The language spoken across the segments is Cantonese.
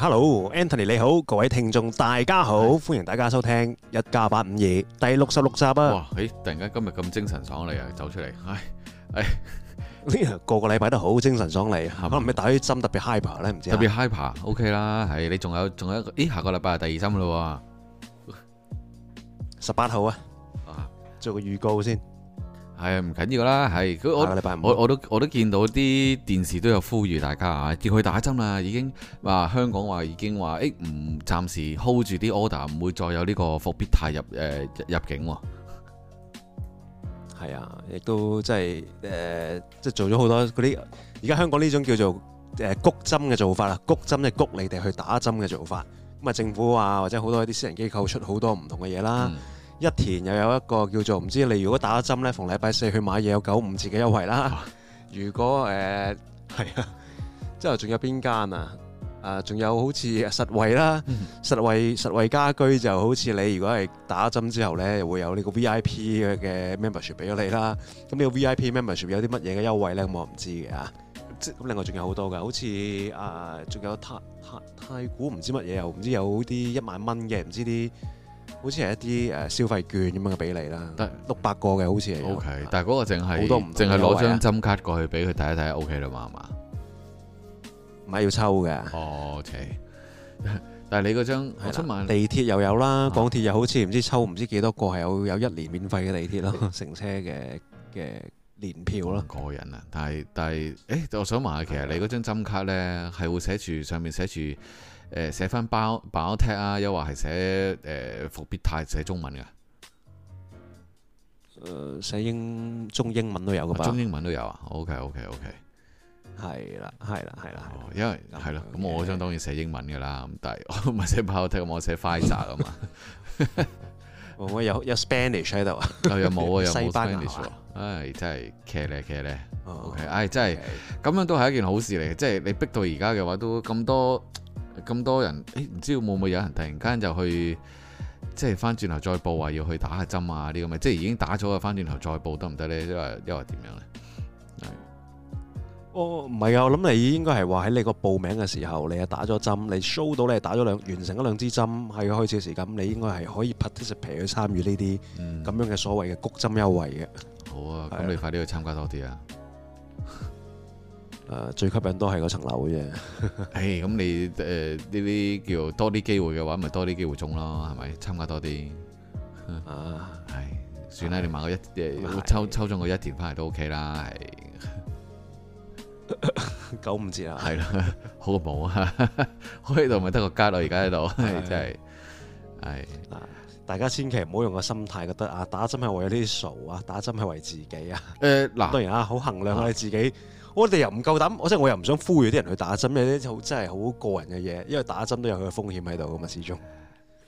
Hello，Anthony 你好，各位聽眾大家好，歡迎大家收聽一家八五二第六十六集啊！哇，誒，突然間今日咁精神爽利啊，走出嚟，係，誒，個個禮拜都好精神爽利，可能你打啲針特別 hyper 咧，唔知特別 hyper，OK 啦，係，你仲有仲有一個，咦，下個禮拜係第二針啦，十八號啊，做個預告先。係啊，唔緊要啦，係、啊、我我，我都我都見到啲電視都有呼籲大家啊，叫佢打針啦，已經話、啊、香港話已經話，誒、欸、唔暫時 hold 住啲 order，唔會再有呢個復必泰入誒、呃、入境、哦。係啊，亦都即係誒，即、呃、係、就是、做咗好多嗰啲而家香港呢種叫做誒谷針嘅做法啊，谷針即係谷你哋去打針嘅做法。咁啊，政府啊，或者好多啲私人機構出好多唔同嘅嘢啦。嗯一田又有一個叫做唔知你如果打針呢，逢禮拜四去買嘢有九五折嘅優惠啦。 如果誒係、呃、啊，之後仲有邊間啊？誒，仲有好似實惠啦，嗯、實惠實惠家居就好似你如果係打針之後呢，會有呢個 V I P 嘅 membership 俾咗你啦。咁呢個 V I P membership 有啲乜嘢嘅優惠呢？咁我唔知嘅啊。咁另外仲有好多㗎，好似誒仲有太太太古唔知乜嘢又唔知有啲一萬蚊嘅，唔知啲。好似係一啲誒消費券咁樣嘅俾你啦，得六百個嘅好似係。O K，但係嗰個淨係淨係攞張針卡過去俾佢睇一睇，O K 啦嘛，係、okay、嘛？唔係要抽嘅。O Okay . K， 但係你嗰張了地鐵又有啦，港鐵又好似唔知抽唔知幾多個係、啊、有有一年免費嘅地鐵咯， 乘車嘅嘅年票咯。過癮啊！但係但係，誒、欸，我想問下，其實你嗰張針卡咧係會寫住上面寫住。誒，寫翻包包踢啊，又話係寫誒復必泰寫中文噶，誒寫英中英文都有噶，中英文都有啊。OK OK OK，係啦係啦係啦，因為係咯，咁我相當然寫英文噶啦，咁但係我唔係寫包踢，我寫 Pfizer 啊嘛，可唔可以有有 Spanish 喺度啊？又冇啊，西班牙，唉真係騎呢騎呢，OK，唉真係咁樣都係一件好事嚟嘅。即係你逼到而家嘅話都咁多。咁多人，誒、欸、唔知會唔會有人突然間就去，即係翻轉頭再報話、啊、要去打下針啊啲咁嘅，即係已經打咗嘅翻轉頭再報得唔得咧？即係又係點樣咧？哦，唔係啊，我諗你應該係話喺你個報名嘅時候，你係打咗針，你 show 到你係打咗兩完成咗兩支針喺開始嘅時間，你應該係可以 participate 去參與呢啲咁樣嘅所謂嘅谷針優惠嘅。好啊，咁的你快啲去參加多啲啊！誒，最吸引都係嗰層樓嘅啫。咁你誒呢啲叫多啲機會嘅話，咪多啲機會中咯，係咪？參加多啲啊，係算啦。你買個一誒，抽抽中個一田翻嚟都 OK 啦。係，九五折啦。係咯，好過冇啊？開度咪得個家樂而家喺度，真係係。大家千祈唔好用個心態覺得啊，打針係為咗啲傻啊，打針係為自己啊。誒，嗱，當然啊，好衡量你自己。我哋又唔夠膽，我即係我又唔想呼籲啲人去打針，因為啲好真係好個人嘅嘢，因為打針都有佢嘅風險喺度噶嘛，始終。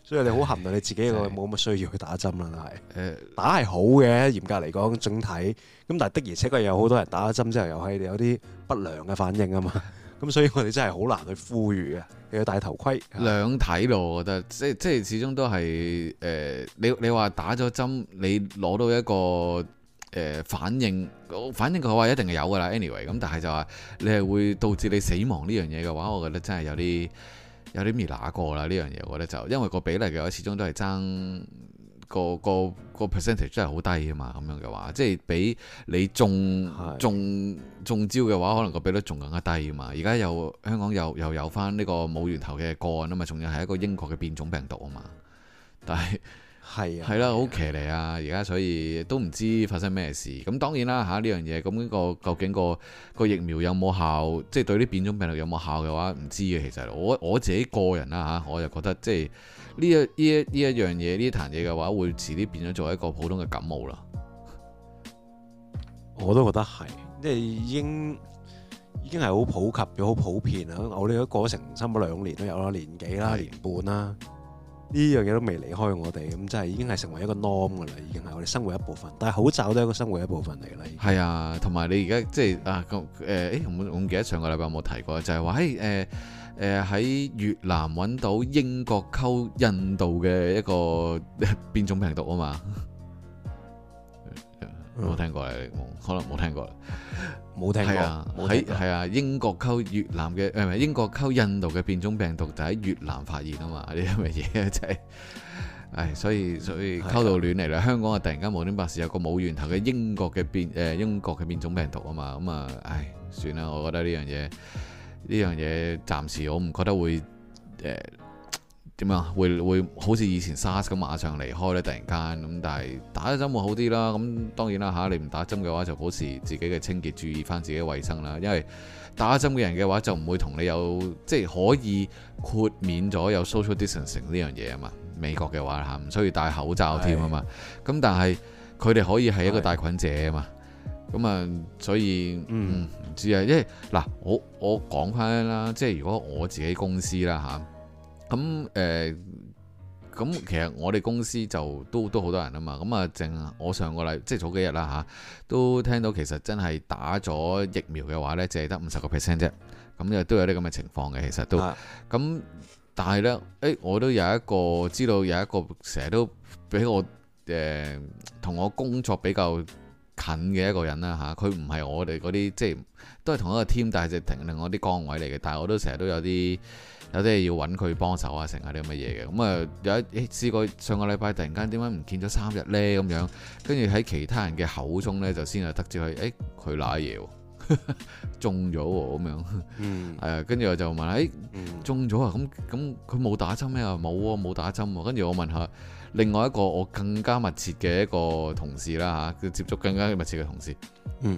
所以你好含養你自己，我冇咁嘅需要去打針啦，係。誒唉，打係好嘅，嚴格嚟講，整體。咁但係的而且確有好多人打咗針之後，又係有啲不良嘅反應啊嘛。咁、嗯、所以我哋真係好難去呼籲呀，你要戴頭盔， 吧兩睇咯，我覺得。即即係始終都係誒、呃，你你話打咗針，你攞到一個。誒、呃、反應，反應佢話一定係有㗎啦。Anyway，咁但係就話你係會導致你死亡呢樣嘢嘅話，我覺得真係有啲有啲未拿過啦。呢樣嘢我覺得就因為個比例嘅話始終，始終都係爭個個個 percentage 真係好低啊嘛。咁樣嘅話，即係比你中的中中招嘅話，可能個比率仲更加低啊嘛。而家又香港又又有翻呢個冇源頭嘅個案啊嘛，仲要係一個英國嘅變種病毒啊嘛，但係。係，係啦是、啊，好騎呢啊！而家、啊、所以都唔知發生咩事。咁當然啦、啊、嚇，呢樣嘢咁個究竟個個疫苗有冇效，即係對啲變種病毒有冇效嘅話？唔知嘅其實我。我我自己個人啦、啊、嚇，我就覺得即係呢一呢一呢一樣嘢呢壇嘢嘅話，會遲啲變咗做一個普通嘅感冒啦。我都覺得係，即係已經已經係好普及又好普遍啦。我哋都過咗成差唔多兩年都有啦，年幾啦，年半啦。呢樣嘢都未離開我哋，咁真係已經係成為一個 norm 㗎喇，已經係我哋生活一部分。但係口罩都係一個生活一部分嚟啦。係啊，同埋你而家即係啊，誒、欸，誒，我我記得上個禮拜有冇提過，就係、是、話，誒、欸，誒、呃，喺、呃、越南揾到英國溝印度嘅一個變種病毒啊嘛。冇聽過啦，可能冇聽過啦，冇聽過，係啊，喺啊，啊，英國溝越南嘅，誒唔係英國溝印度嘅變種病毒就喺越南發現啊嘛，呢啲咁嘅嘢真係，唉、 哎，所以所以溝到亂嚟啦，香港啊突然間無端白事，有個冇源頭嘅英國嘅變，誒英國嘅變種病毒啊嘛，咁啊，唉算啦，我覺得呢樣嘢呢樣嘢暫時我唔覺得會誒。呃點樣會會好似以前 SARS 咁馬上離開咧？突然間咁，但係打一針會好啲啦。咁當然啦嚇，你唔打針嘅話就保持自己嘅清潔，注意翻自己嘅衛生啦。因為打針嘅人嘅話就唔會同你有即係可以豁免咗有 social distancing 呢樣嘢啊嘛。美國嘅話嚇唔需要戴口罩添啊嘛。咁的但係佢哋可以係一個帶菌者啊嘛。咁啊的，所以嗯唔知啊，因為嗱我我講翻啦，即係如果我自己公司啦嚇。咁誒，咁、嗯呃嗯、其實我哋公司就都都好多人啊嘛，咁、嗯、啊，淨我上個禮，即係早幾日啦嚇，都聽到其實真係打咗疫苗嘅話呢，淨係得五十個 percent 啫，咁又、嗯、都有啲咁嘅情況嘅，其實都，咁、嗯、但係呢，誒、欸，我都有一個知道有一個成日都俾我誒，同、呃、我工作比較近嘅一個人啦、啊、嚇，佢唔係我哋嗰啲，即係都係同一個 team，但係直停另外啲崗位嚟嘅，但係我都成日都有啲。有啲係要揾佢幫手啊，成下啲咁嘅嘢嘅，咁啊有一試過上個禮拜突然間點解唔見咗三日呢？咁樣，跟住喺其他人嘅口中呢，就先係得知佢，誒佢瀨嘢喎， 中咗喎咁樣，嗯，係啊，跟住我就問，誒中咗啊，咁咁佢冇打針咩啊？冇啊，冇打針啊，跟住我問下另外一個我更加密切嘅一個同事啦嚇，佢、啊、接觸更加密切嘅同事，嗯。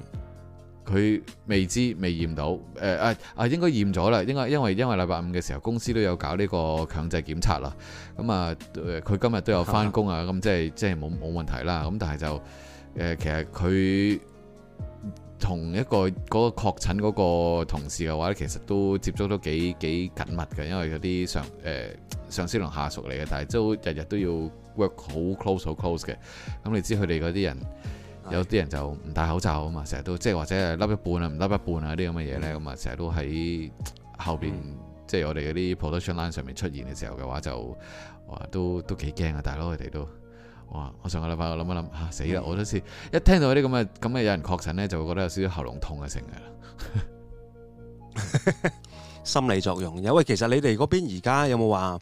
佢未知未驗到，誒誒誒，應該驗咗啦。因為因為因為禮拜五嘅時候公司都有搞呢個強制檢測啦。咁、嗯、啊，佢、呃、今日都有翻工啊，咁吧、嗯、即係即係冇冇問題啦。咁、嗯、但係就誒、呃，其實佢同一個嗰、那個確診嗰個同事嘅話咧，其實都接觸都幾幾緊密嘅，因為有啲上誒、呃、上司同下屬嚟嘅，但係都日日都要 work 好 close 好 close 嘅。咁、嗯、你知佢哋嗰啲人。有啲人就唔戴口罩啊嘛，成日都即係或者係笠一半啊，唔笠一半啊啲咁嘅嘢咧，咁啊成日都喺後邊，嗯、即係我哋嗰啲 production line 上面出現嘅時候嘅話就，就哇都都幾驚啊！大佬佢哋都哇，我上個禮拜我諗一諗吓、啊、死啦！的我都似一聽到啲咁嘅咁嘅有人確診咧，就會覺得有少少喉嚨痛嘅成啊， 心理作用。因為其實你哋嗰邊而家有冇話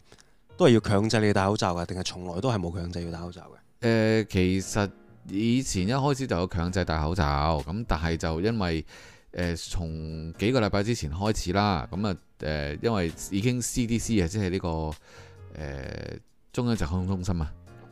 都係要強制你戴口罩噶，定係從來都係冇強制要戴口罩嘅？誒、呃，其實。以前一開始就有強制戴口罩，咁但係就因為誒、呃、從幾個禮拜之前開始啦，咁啊誒因為已經 CDC 啊，即係呢、這個誒、呃、中央疾控中心啊。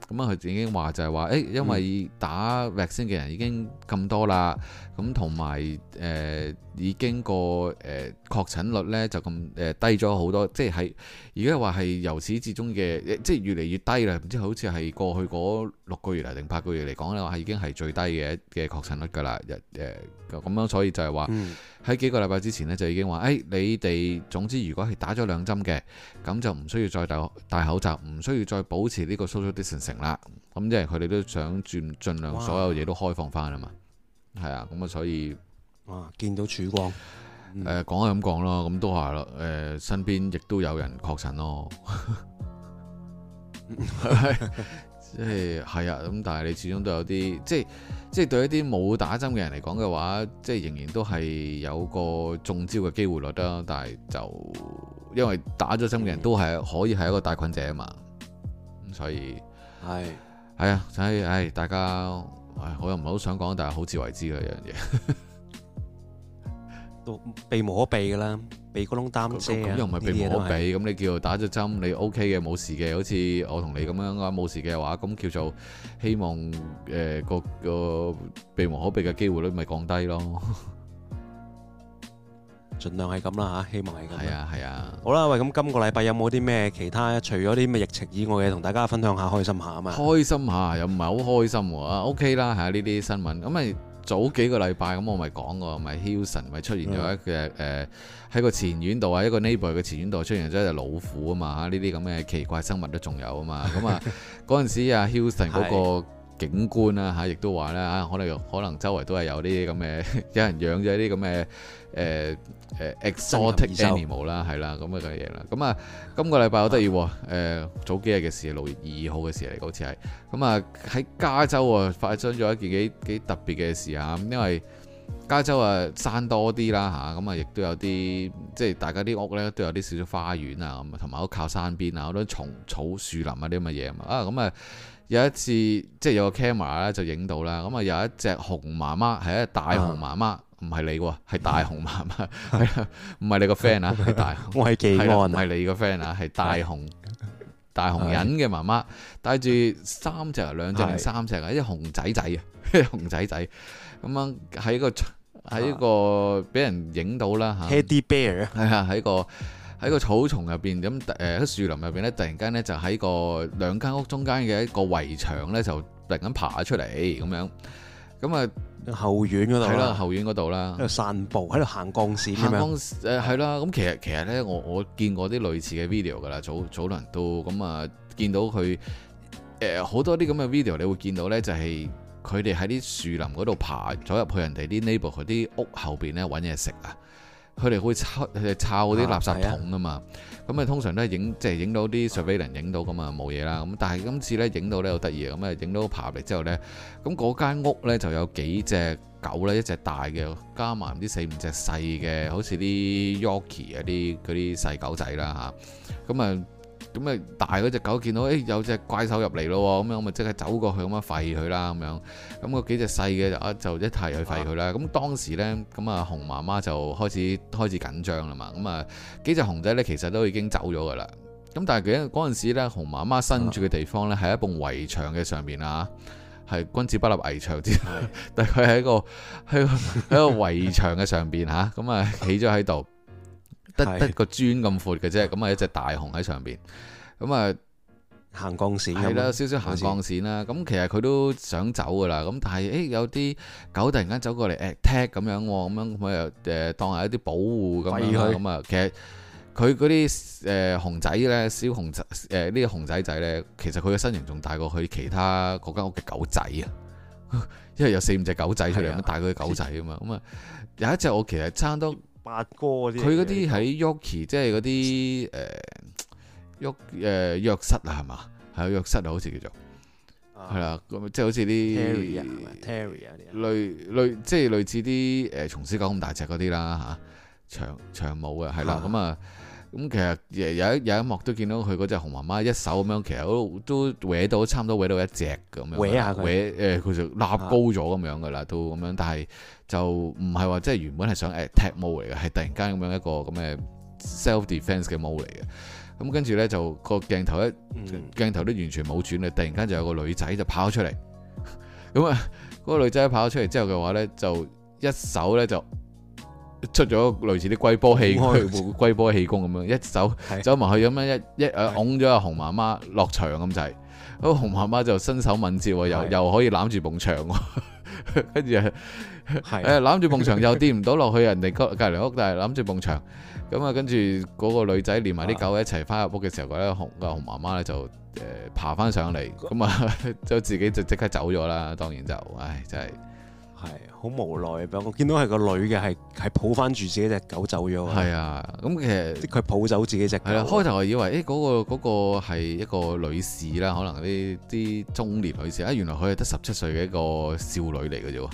咁啊，佢已經話就係話，誒、欸，因為打 vaccine 嘅人已經咁多啦，咁同埋誒已經個誒、呃、確診率呢，就咁誒、呃、低咗好多，即係係而家話係由始至終嘅，即係越嚟越低啦，唔知好似係過去嗰六個月嚟定八個月嚟講咧，話已經係最低嘅嘅確診率噶啦，誒咁樣，所以就係話。嗯。喺幾個禮拜之前呢，就已經話，誒、哎，你哋總之如果係打咗兩針嘅，咁就唔需要再戴戴口罩，唔需要再保持呢個 social distancing 啦。咁即係佢哋都想盡盡量所有嘢都開放翻啦嘛。係哇啊，咁啊，所以哇，見到曙光。誒、嗯，講就咁講咯，咁都係咯。誒，身邊亦都有人確診咯。即係係啊，咁、嗯、但係你始終都有啲即係即係對一啲冇打針嘅人嚟講嘅話，即係仍然都係有個中招嘅機會率咯。但係就因為打咗針嘅人都係、嗯、可以係一個帶菌者啊嘛，所以係係是啊，所以唉、哎、大家唉、哎、我又唔係好想講，但係好自為之嘅一樣嘢。 避無可避嘅啦，鼻哥窿打針又唔係避無可避。咁你叫打咗針，你 OK 嘅冇事嘅，好似我同你咁樣噶冇事嘅話，咁叫做希望誒、呃、個個避無可避嘅機會率咪降低咯，盡量係咁啦吓，希望係咁。係啊係啊，啊好啦，喂，咁今個禮拜有冇啲咩其他除咗啲咩疫情以外嘅，同大家分享下開心下啊嘛，開心，下，開心下，又唔係好開心啊？OK 啦，吓呢啲新聞咁咪。早幾個禮拜咁，我咪講過，咪、就是、Hilson 咪出現咗一隻誒，喺、oh. 呃、個前院度啊，一個 neighbor 嘅前院度出現咗一隻老虎啊嘛，嚇呢啲咁嘅奇怪生物都仲有啊嘛，咁 啊嗰陣時阿 Hilson 嗰個。景觀啦嚇，亦都話啦，可能可能周圍都係有啲咁嘅，有人養咗啲咁嘅誒誒 exotic animal 啦，係啦，咁嘅嘢啦。咁啊，今個禮拜好得意喎，早幾 aciones, 日嘅事，六月二二號嘅事嚟，好似係。咁啊喺加州啊發生咗一件幾幾特別嘅事啊，因為加州啊山多啲啦嚇，咁啊亦、就是、都有啲即係大家啲屋咧都有啲少少花園啊，咁同埋好靠山邊啊，好多蟲草樹林啊啲咁嘅嘢啊，咁、嗯、啊。有一次即係有個 camera 咧就影到啦，咁啊有一隻熊媽媽係一隻大熊媽媽，唔係你喎、啊，係大熊媽媽，係 啊，唔係你個 friend 啊，係大熊，我係治安，唔係你個 friend 啊，係的、啊、大熊的大熊人嘅媽媽帶住三隻啊兩隻定三隻啊一隻熊仔仔啊啲 熊仔仔咁樣喺個喺個俾的人影到啦嚇、啊、，Teddy Bear 係啊喺個。喺個草叢入邊咁誒，喺樹林入邊咧，突然間咧就喺個兩間屋中間嘅一個圍牆咧，就突然間爬出嚟咁樣。咁啊，後院嗰度係啦，後院嗰度啦，喺度散步，喺度行鋼線，行鋼係啦。咁樣其實其實咧，我我見過啲類似嘅 video 噶啦，早早輪都咁啊，見到佢誒好多啲咁嘅 video，你會見到咧就係佢哋喺啲樹林嗰度爬，走入去人哋啲 neighbor 啲屋後邊咧揾嘢食啊。佢哋會抄佢哋抄嗰啲垃圾桶啊嘛，咁啊通常都係影即係影到啲 surveillance，影到咁啊冇嘢啦，咁但係今次呢，影到呢好得意，咁啊影到爬嚟之後呢，咁嗰間屋呢就有幾隻狗呢，一隻大嘅，加埋唔知四五隻細嘅，好似啲 Yorkie 啲嗰啲細狗仔啦嚇，咁啊～啊咁咪大嗰隻狗見到，誒、欸、有隻怪獸入嚟咯，咁樣我咪即刻走過去，咁樣吠佢啦，咁樣，咁個幾隻細嘅就啊，就一提去吠佢啦。咁當時呢，咁啊熊媽媽就開始開始緊張啦嘛。咁啊幾隻熊仔呢其實都已經走咗噶啦。咁但係嗰嗰陣時咧，熊媽媽身住嘅地方呢係一棟圍牆嘅上邊啊，係君子不立危牆之類， 但佢喺一個喺一,一,一個圍牆嘅上邊嚇、啊，咁啊企咗喺度。得得個磚咁闊嘅啫，咁啊一隻大熊喺上邊，咁啊行鋼線係啦，少少行鋼線啦。咁其實佢都想走噶啦，咁但係誒、欸、有啲狗突然間走過嚟誒、欸、踢咁樣，咁樣咁啊誒當係一啲保護咁啊。咁啊下其實佢嗰啲誒熊仔咧，小熊誒呢個熊仔仔咧，其實佢嘅身形仲大過佢其他嗰間屋嘅狗仔啊，因為有四五隻狗仔出嚟咁帶佢嘅狗仔啊嘛。咁啊的有一隻我其實差唔多。八哥啲，佢嗰啲喺 Yorkie 即係嗰啲誒 York 誒約瑟，瑟啊，係嘛？係約瑟啊，好似叫做係啦。咁即係好似啲 Terry Terry 啲類類，即係類似啲誒鬆獅狗咁大隻嗰啲啦嚇，長長毛嘅係啦。咁啊，咁其實有有一幕都見到佢嗰隻熊媽媽一手咁樣，其實都都搲到差唔多搲到一隻咁樣，搲下搲佢，呃、就立高咗咁樣嘅啦，都咁樣，啊、但係。就唔係話即係原本係想誒踢 mode 嚟嘅，係突然間咁樣一個咁嘅 self defense 嘅 mode 嚟嘅。咁跟住咧就個鏡頭一鏡，嗯、頭都完全冇轉咧，突然間就有個女仔就跑咗出嚟。咁、嗯、啊，嗰、那個女仔一跑出嚟之後嘅話咧，就一手咧就出咗類似啲龜波氣龜龜波氣功咁樣，一手走埋去咁樣是一一誒拱咗阿熊媽媽落牆咁就係。阿、那個、熊媽媽就身手敏捷，又是又可以攬住埲牆，跟 住。係誒，攬住埲牆又跌唔到落去， 人哋隔隔籬屋，但係攬住埲牆咁啊，跟住嗰個女仔連埋啲狗一齊翻入屋嘅時候咧，熊個熊媽媽咧就誒爬翻上嚟，咁啊就自己就即刻走咗啦。當然就唉，真係係好無奈嘅。我見到係個女嘅，係係抱翻住自己隻狗走咗。係啊，咁其實佢抱走自己只係啦。開頭我以為誒嗰、欸那個嗰、那個係一個女士啦，可能啲啲中年女士啊，原來佢係得十七歲嘅一個少女嚟嘅啫。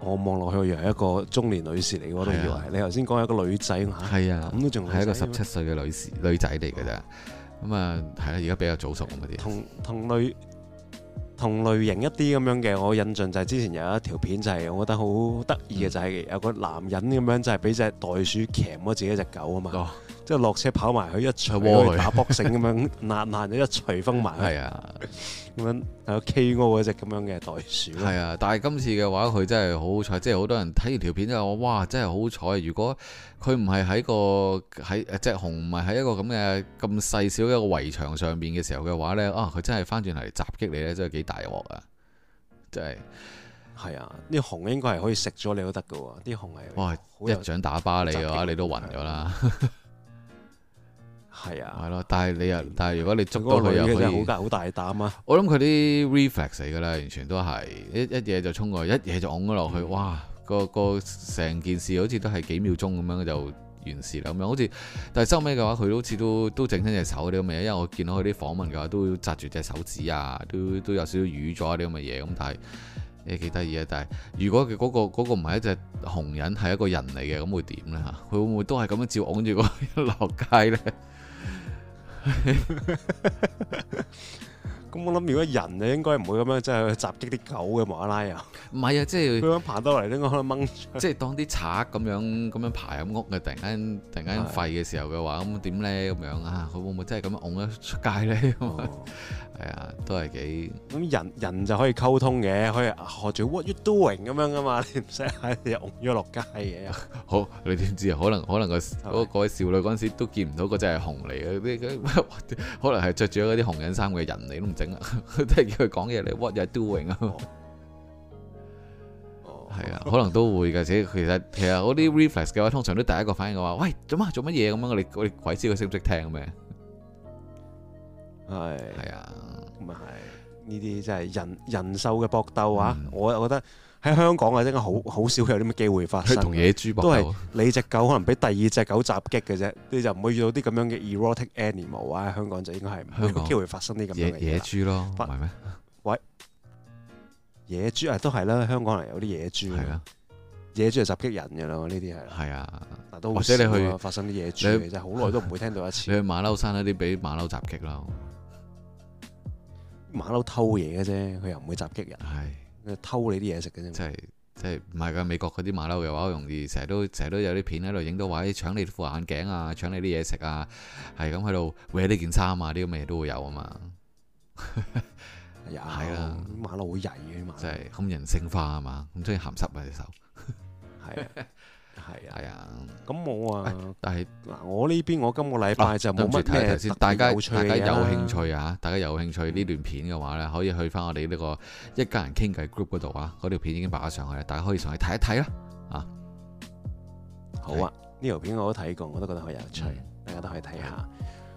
我望落去又係一個中年女士嚟，我都以為、啊、你頭先講一個女仔吓，係啊，咁都仲係一個十七歲嘅女士女仔嚟嘅咋，咁啊係啊，而家比較早熟咁嗰啲，同同類同類型一啲咁樣嘅，我印象就係之前有一條片就係我覺得好得意嘅，嗯、就係有個男人咁樣就係俾隻袋鼠鉗咗自己隻狗啊嘛。哦即係落車跑埋去一吹打，打 boxing 咁樣，攔攔咗一隨風埋去，咁、 啊、樣喺個 K.O. 嗰隻咁樣嘅袋鼠。係啊，但係今次嘅話，佢真係好彩。即係好多人睇完條片之後，我哇真係好彩！如果佢唔係喺個喺隻熊唔係喺一個咁嘅咁細小，小一個圍牆上邊嘅時候嘅話咧，啊佢真係翻轉嚟襲擊你咧，真係幾大鑊啊！真係係啊，啲熊應該係可以食咗你都得㗎喎，啲熊係。哇！一掌打巴你嘅話，話，你都暈咗啦～ 係啊，係咯，嗯、但係你又，但係如果你捉到佢，有啲好大好大膽啊，我諗佢啲 reflex 嚟噶啦，完全都係一一嘢就衝過嚟，一嘢就㧬咗落去，嗯、哇！個個成件事好似都係幾秒鐘咁樣就完事啦，咁樣好似。但係收尾嘅話，佢好似都都整親隻手啲咁嘅，因為我見到佢啲訪問嘅話，都紮住隻手指啊，都都有少少瘀咗啲咁嘅嘢咁。但係誒幾得意啊！但係如果佢、那、嗰個唔係、那個、一隻熊人，係一個人嚟嘅，咁會點呢？嚇？佢會唔會都係咁樣照㧬住個落街呢？ 咁 我諗，如果人啊，就是、應該唔會咁樣，即係襲擊啲狗嘅無拉拉啊！唔係啊，即係佢咁爬到嚟咧，應該掹。即係當啲賊咁樣咁樣爬入屋嘅，突然間突然間吠嘅時候嘅話，咁點咧？咁樣啊，佢會唔會真係咁樣㧬咗出街咧？哦 係啊，都係幾咁人人就可以溝通嘅，可以學住 what you doing 咁樣噶嘛，你唔使喺度戇咗落街嘅、啊。 好，你點知啊？可能可能個嗰少女嗰陣時都見唔到嗰隻係熊嚟嘅，可能係着住嗰啲熊人衫嘅人嚟都唔整啊， 都係叫佢講嘢，嚟。what you doing 啊？哦，係啊，可能都會嘅。其實其實嗰啲 reflex 嘅話，通常都第一個反應嘅話，喂，做乜做乜嘢咁樣？我哋鬼知佢識唔識聽咩？係，係啊，咁啊係呢啲真係人人獸嘅搏鬥啊！我又覺得喺香港啊，真係好好少有啲咁嘅機會發生嘅。同野豬搏鬥？都係你隻狗可能俾第二隻狗襲擊嘅啫，你就唔會遇到啲咁樣嘅 erotic animal 啊！香港就應該係冇機會發生啲咁樣嘅野豬咯，喂，野豬啊，都係啦。香港係有啲野豬，野豬係襲擊人嘅啦。呢啲係係啊，或者你去發生啲野豬，其實好耐都唔會聽到一次。你去馬騮山嗰啲俾馬騮襲擊咯。馬騮偷嘢嘅啫，佢又唔會襲擊人。係是偷你啲嘢食嘅啫。即係即係，唔係噶，美國嗰啲馬騮又話好容易，成日都成日都有啲片喺度影到話，誒，搶你副眼鏡啊，搶你啲嘢食啊，係咁喺度搲呢件衫啊，啲咁嘅嘢都會有啊嘛。係、 哎、呦 啊，馬騮好曳嘅嘛，即係咁人性化啊嘛，咁中意鹹濕啊隻手。係啊。 係啊，係咁冇啊。但係嗱，我呢邊我今個禮拜就冇乜咩特別有趣。大家有興趣啊？大家有興趣呢段片嘅話呢，可以去翻我哋呢個一家人傾偈 group 嗰度啊。嗰條片已經擺咗上去啦，大家可以上去睇一睇啦，啊。啊，好啊，呢條、啊、片我都睇過，我都覺得好有趣，啊、大家都可以睇下。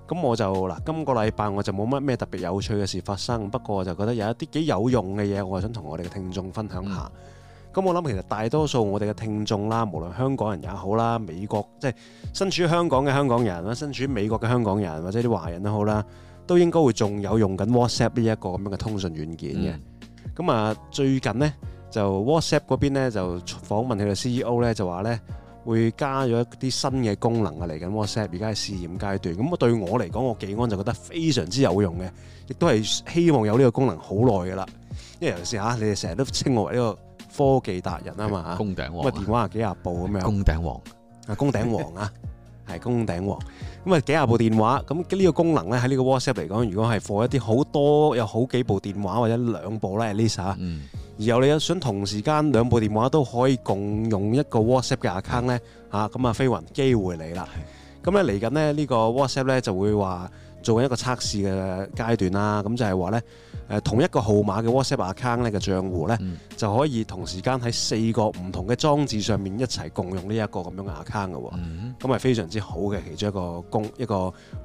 咁我就嗱，今個禮拜我就冇乜咩特別有趣嘅事發生，不過我就覺得有一啲幾有用嘅嘢，我係想同我哋嘅聽眾分享下。啊咁我諗，其實大多數我哋嘅聽眾啦，無論香港人也好啦，美國即係身處香港嘅香港人啦，身處美國嘅香港人或者啲華人都好啦，都應該會仲有用緊 WhatsApp 呢一個咁樣嘅通訊軟件嘅。咁啊、嗯，最近呢，就 WhatsApp 嗰邊呢就訪問佢嘅 CEO 呢，就話呢會加咗一啲新嘅功能啊，嚟緊 WhatsApp 而家係試驗階段。咁我對我嚟講，我技安就覺得非常之有用嘅，亦都係希望有呢個功能好耐噶啦。因為有時嚇你哋成日都稱我為呢、這個。科技達人啊嘛，咁啊電話啊幾廿部咁樣，工頂王啊，工頂王啊，係工頂王。咁啊 幾廿部電話，咁呢 個功能咧喺呢個 WhatsApp 嚟講，如果係放一啲好多有好幾部電話或者兩部咧 at least 嚇。嗯。然後你又想同時間兩部電話都可以共用一個 WhatsApp 嘅 account 咧，嚇咁啊飛雲機會嚟啦。咁咧嚟緊咧呢、呢個 WhatsApp 咧就會話做一個測試嘅階段啦。咁就係話咧。誒同一個號碼嘅 WhatsApp account 咧嘅賬戶咧，嗯、就可以同時間喺四個唔同嘅裝置上面一齊共用呢一個咁樣嘅 account 嘅，咁係非常之好嘅其中一個公一個，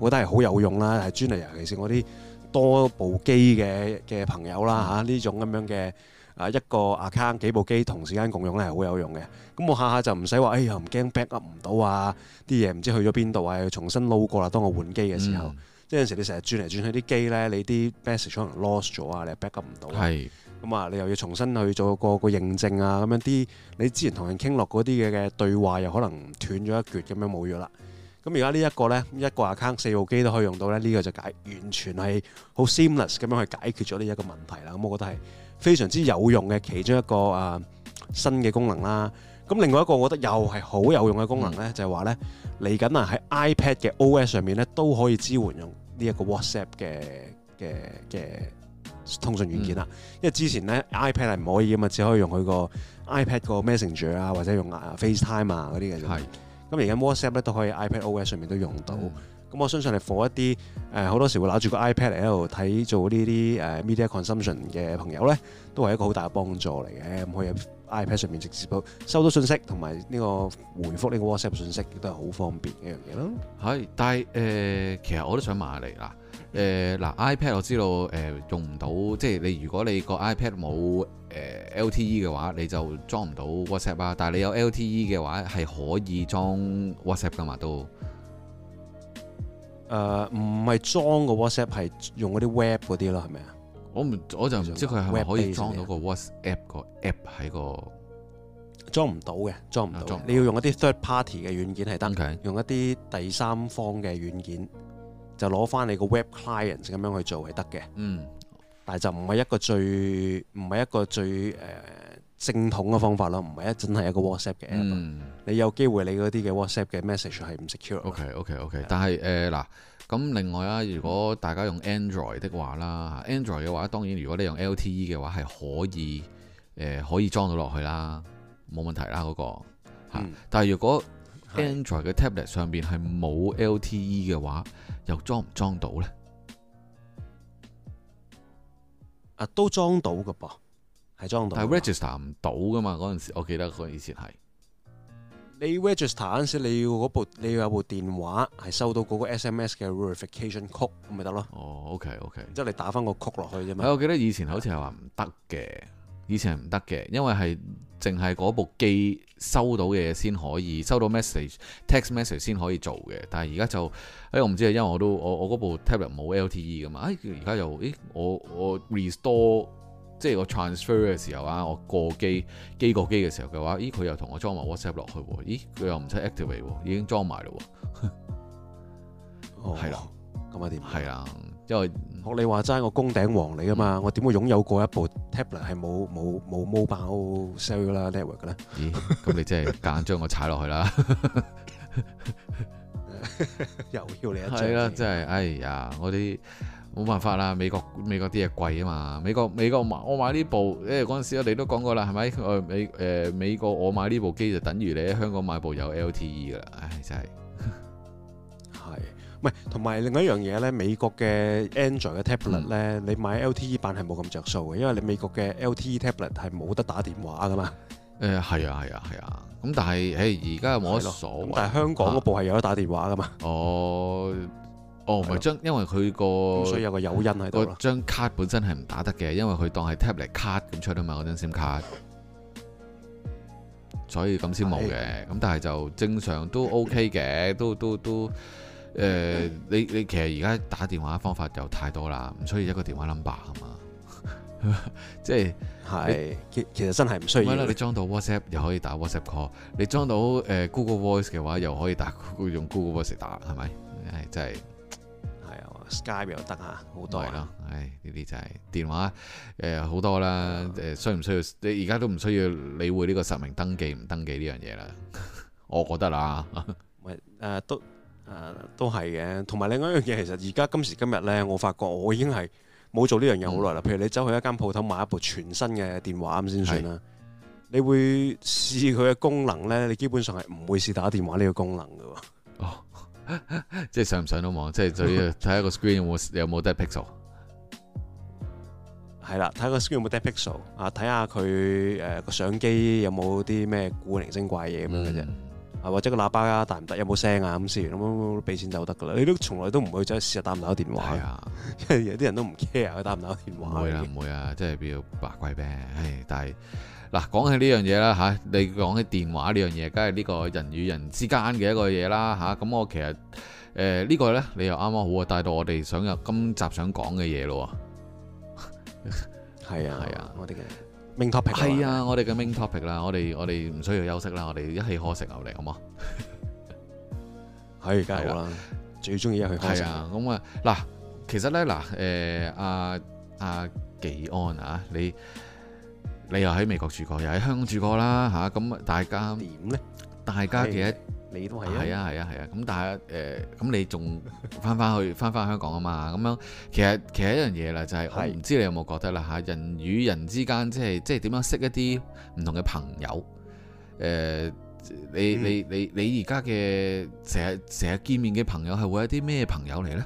我覺得係好有用啦，係專嚟尤其是我啲多部機嘅嘅朋友啦嚇，呢、啊、種咁樣嘅啊一個 account 幾部機同時間共用咧係好有用嘅，咁我下下就唔使話，哎呀，唔驚 backup 唔到啊啲嘢，唔知去咗邊度啊，要重新 load 過啦，當我換機嘅時候。嗯即係有時你成日轉嚟轉去啲機咧，你啲 message 可能 lost 咗啊，你又 backup 唔到。係是。咁啊，你又要重新去做個個認證啊，咁樣啲你之前同人傾落嗰啲嘅對話又可能斷咗一橛，咁樣冇咗啦。咁而家呢一個咧，一個 account 四部機都可以用到咧，呢、呢個就解完全係好 seamless 咁樣去解決咗呢一個問題啦。咁我覺得係非常之有用嘅其中一個啊新嘅功能啦。咁另外一個我覺得又係好有用嘅功能咧，嗯、就係話咧。嚟緊啊！喺 iPad 嘅 OS 上面咧，都可以支援用呢一個 WhatsApp 嘅嘅嘅通訊軟件啦。嗯、因為之前咧 iPad 係唔可以嘅嘛，只可以用佢個 iPad 個 Messenger 啊，或者用 FaceTime 啊嗰啲嘅啫。咁是而家 WhatsApp 咧都可以 iPad OS 上面都用到。咁、嗯、我相信係 for 一啲誒好多時會攞住個 iPad 嚟喺度睇做呢啲誒 media consumption 嘅朋友咧，都係一個好大嘅幫助嚟嘅。咁、嗯、可以。iPad 上面直接收到信息，同埋呢個回覆呢個 WhatsApp 信息，都係好方便一樣嘢咯。係，但係誒、呃，其實我都想問下你、呃、啦。誒嗱，iPad 我知道誒、呃、用唔到，即係你如果你個 iPad 冇誒、呃、LTE 嘅話，你就裝唔到 WhatsApp 啊。但係你有 LTE 嘅話，係可以裝 WhatsApp 噶嘛？都誒，唔係、呃、裝個 WhatsApp 係用嗰啲 web 嗰啲咯，係咪啊？我唔，我就唔知佢係咪可以裝到個 WhatsApp 個 app 喺個裝唔到嘅，裝唔到。啊、你要用一啲 third party 嘅軟件係得嘅，Okay. 用一啲第三方嘅軟件就攞翻你個 web clients 咁樣去做係得嘅。嗯，但係就唔係一個最，唔係一個最誒。呃正統嘅方法咯，唔係一真係一個 WhatsApp 嘅 app、嗯、你有機會你嗰啲嘅 WhatsApp 嘅 message 係唔 secure OK OK OK 的。但係誒嗱，咁、呃、另外啦，如果大家用 And 的 Android 的話啦，Android 嘅話，當然如果你用 LTE 嘅話，係可以誒、呃、可以裝到落去啦，冇問題啦嗰、那個、嗯啊、但係如果 Android 嘅 tablet 上邊係冇 LTE 嘅話，又裝唔裝到咧？啊，都裝到㗎噃。係裝到，但係是、啊、register 唔到噶嘛？嗰陣時我記得佢以前係，你 register 嗰陣時，你要嗰部你要有部電話係收到嗰個 SMS 嘅 verification code 咁咪得咯。哦，OK OK，即係你打翻個 code 落去啫嘛。係，我記得以前好似係話唔得嘅，以前係唔得嘅，因為係淨係嗰部機收到嘢先可以收到 message text message 先可以做嘅。但係而家就誒、哎，我唔知啊，因為我都我我嗰部 tablet 冇 LTE 噶嘛。誒、哎，而家又誒，我我 restore。我 rest 即係我 transfer 嘅時候啊，我過機機過機嘅時候嘅話，咦佢又同我裝埋 WhatsApp 落去喎、啊，咦佢又唔使 activate 喎，已經裝埋咯喎。哦，係咯了，咁啊點？係啦，因為學你話齋，我宮頂王你啊嘛，嗯、我點會擁有過一部 tablet 係冇冇冇 mobile cellular network 嘅咧？咦，咁你真係夾硬將我踩落去啦！ 又要你一張，啦，真係，哎呀，我啲～冇辦法啦，美國美國啲嘢貴啊嘛，美國美國買我買呢部，誒嗰陣時我哋都講過啦，係咪？誒美誒、呃、美國我買呢部機就等於你喺香港買部有 LTE 噶啦，唉、哎、真係。係， 唔係同埋另一樣嘢呢，美國嘅 Android 嘅 tablet 呢，嗯、你買 LTE 版係冇咁着數嘅，因為你美國嘅 LTE tablet 係冇得打電話噶嘛。誒係啊係啊係啊，咁但係誒而家又冇得所謂，但係、啊、香港嗰部係有得打電話噶嘛。 哦。哦，唔係張，因為佢、嗰個，所以有個誘因喺度啦。張卡本身係唔打得嘅，因為佢當係 tap 嚟 cut 咁出啊嘛，嗰張 sim 卡。 所以咁先冇嘅，咁的但係就正常都 OK 嘅，都都都，誒，呃、 你你其實而家打電話方法又太多啦，唔需要一個電話 number 係嘛？即係，係 你，其實真係唔需要。唔係啦，你裝到 WhatsApp 又可以打 WhatsApp call，你裝到誒 Google Voice 嘅話又可以打用 Google Voice 打係咪？真係。Skype 又得啊，好多係咯，唉，呢啲就係、是、電話，誒、呃，好多啦，誒、呃，需唔、呃、需要？你而家都唔需要理會呢個實名登記唔登記呢樣嘢啦， 我覺得啦，誒、 呃呃、都誒、呃、都係嘅。同埋另外一樣嘢，其實而家今時今日咧，我發覺我已經係冇做呢樣嘢好耐啦。嗯、譬如你走去一間鋪頭買一部全新嘅電話咁先算啦的，你會試佢嘅功能咧，你基本上係唔會試打電話呢個功能噶。 即係上唔上到網，即係睇下個 screen 有冇有冇 dead pixel，係啦， 睇下個 screen 有冇 dead pixel 啊，睇下佢誒個相機有冇啲咩古靈精怪嘢咁嘅啫，啊、嗯、或者個喇叭啊大唔大，有冇聲啊咁先，咁俾錢就得噶啦，你都從來都唔會走去試下打唔打到電話，係啊，因為有啲人都唔 care 佢打唔打到電話，唔 會啊，唔會啊，即係比較白鬼兵、哎，但係。嗱，講起呢樣嘢啦嚇，你講起電話呢樣嘢，梗係呢個人與人之間嘅一個嘢啦嚇。咁我其實誒呢個咧，你又啱啱好啊，帶到我哋想入今集想講嘅嘢咯喎。係啊係啊，我哋嘅 main topic 係啊，我哋嘅 main topic 啦，我哋我哋唔需要休息啦，我哋一氣呵成嚟好冇？係，梗係好啦，最中意一去。係啊，咁啊嗱，其實咧嗱誒阿阿紀安啊，你。你又喺美國住過，又喺香港住過啦，嚇咁大家點咧？大家其實你都係係啊係啊係啊，咁呢大家誒咁、呃、你仲翻翻去翻翻香港啊嘛？咁樣其實其實一樣嘢啦、就係，就係我唔知你有冇覺得啦嚇，人與人之間即係即係點樣識一啲唔同嘅朋友？誒、呃、你、嗯、你你你而家嘅成日成日見面嘅朋友係會有啲咩朋友嚟咧？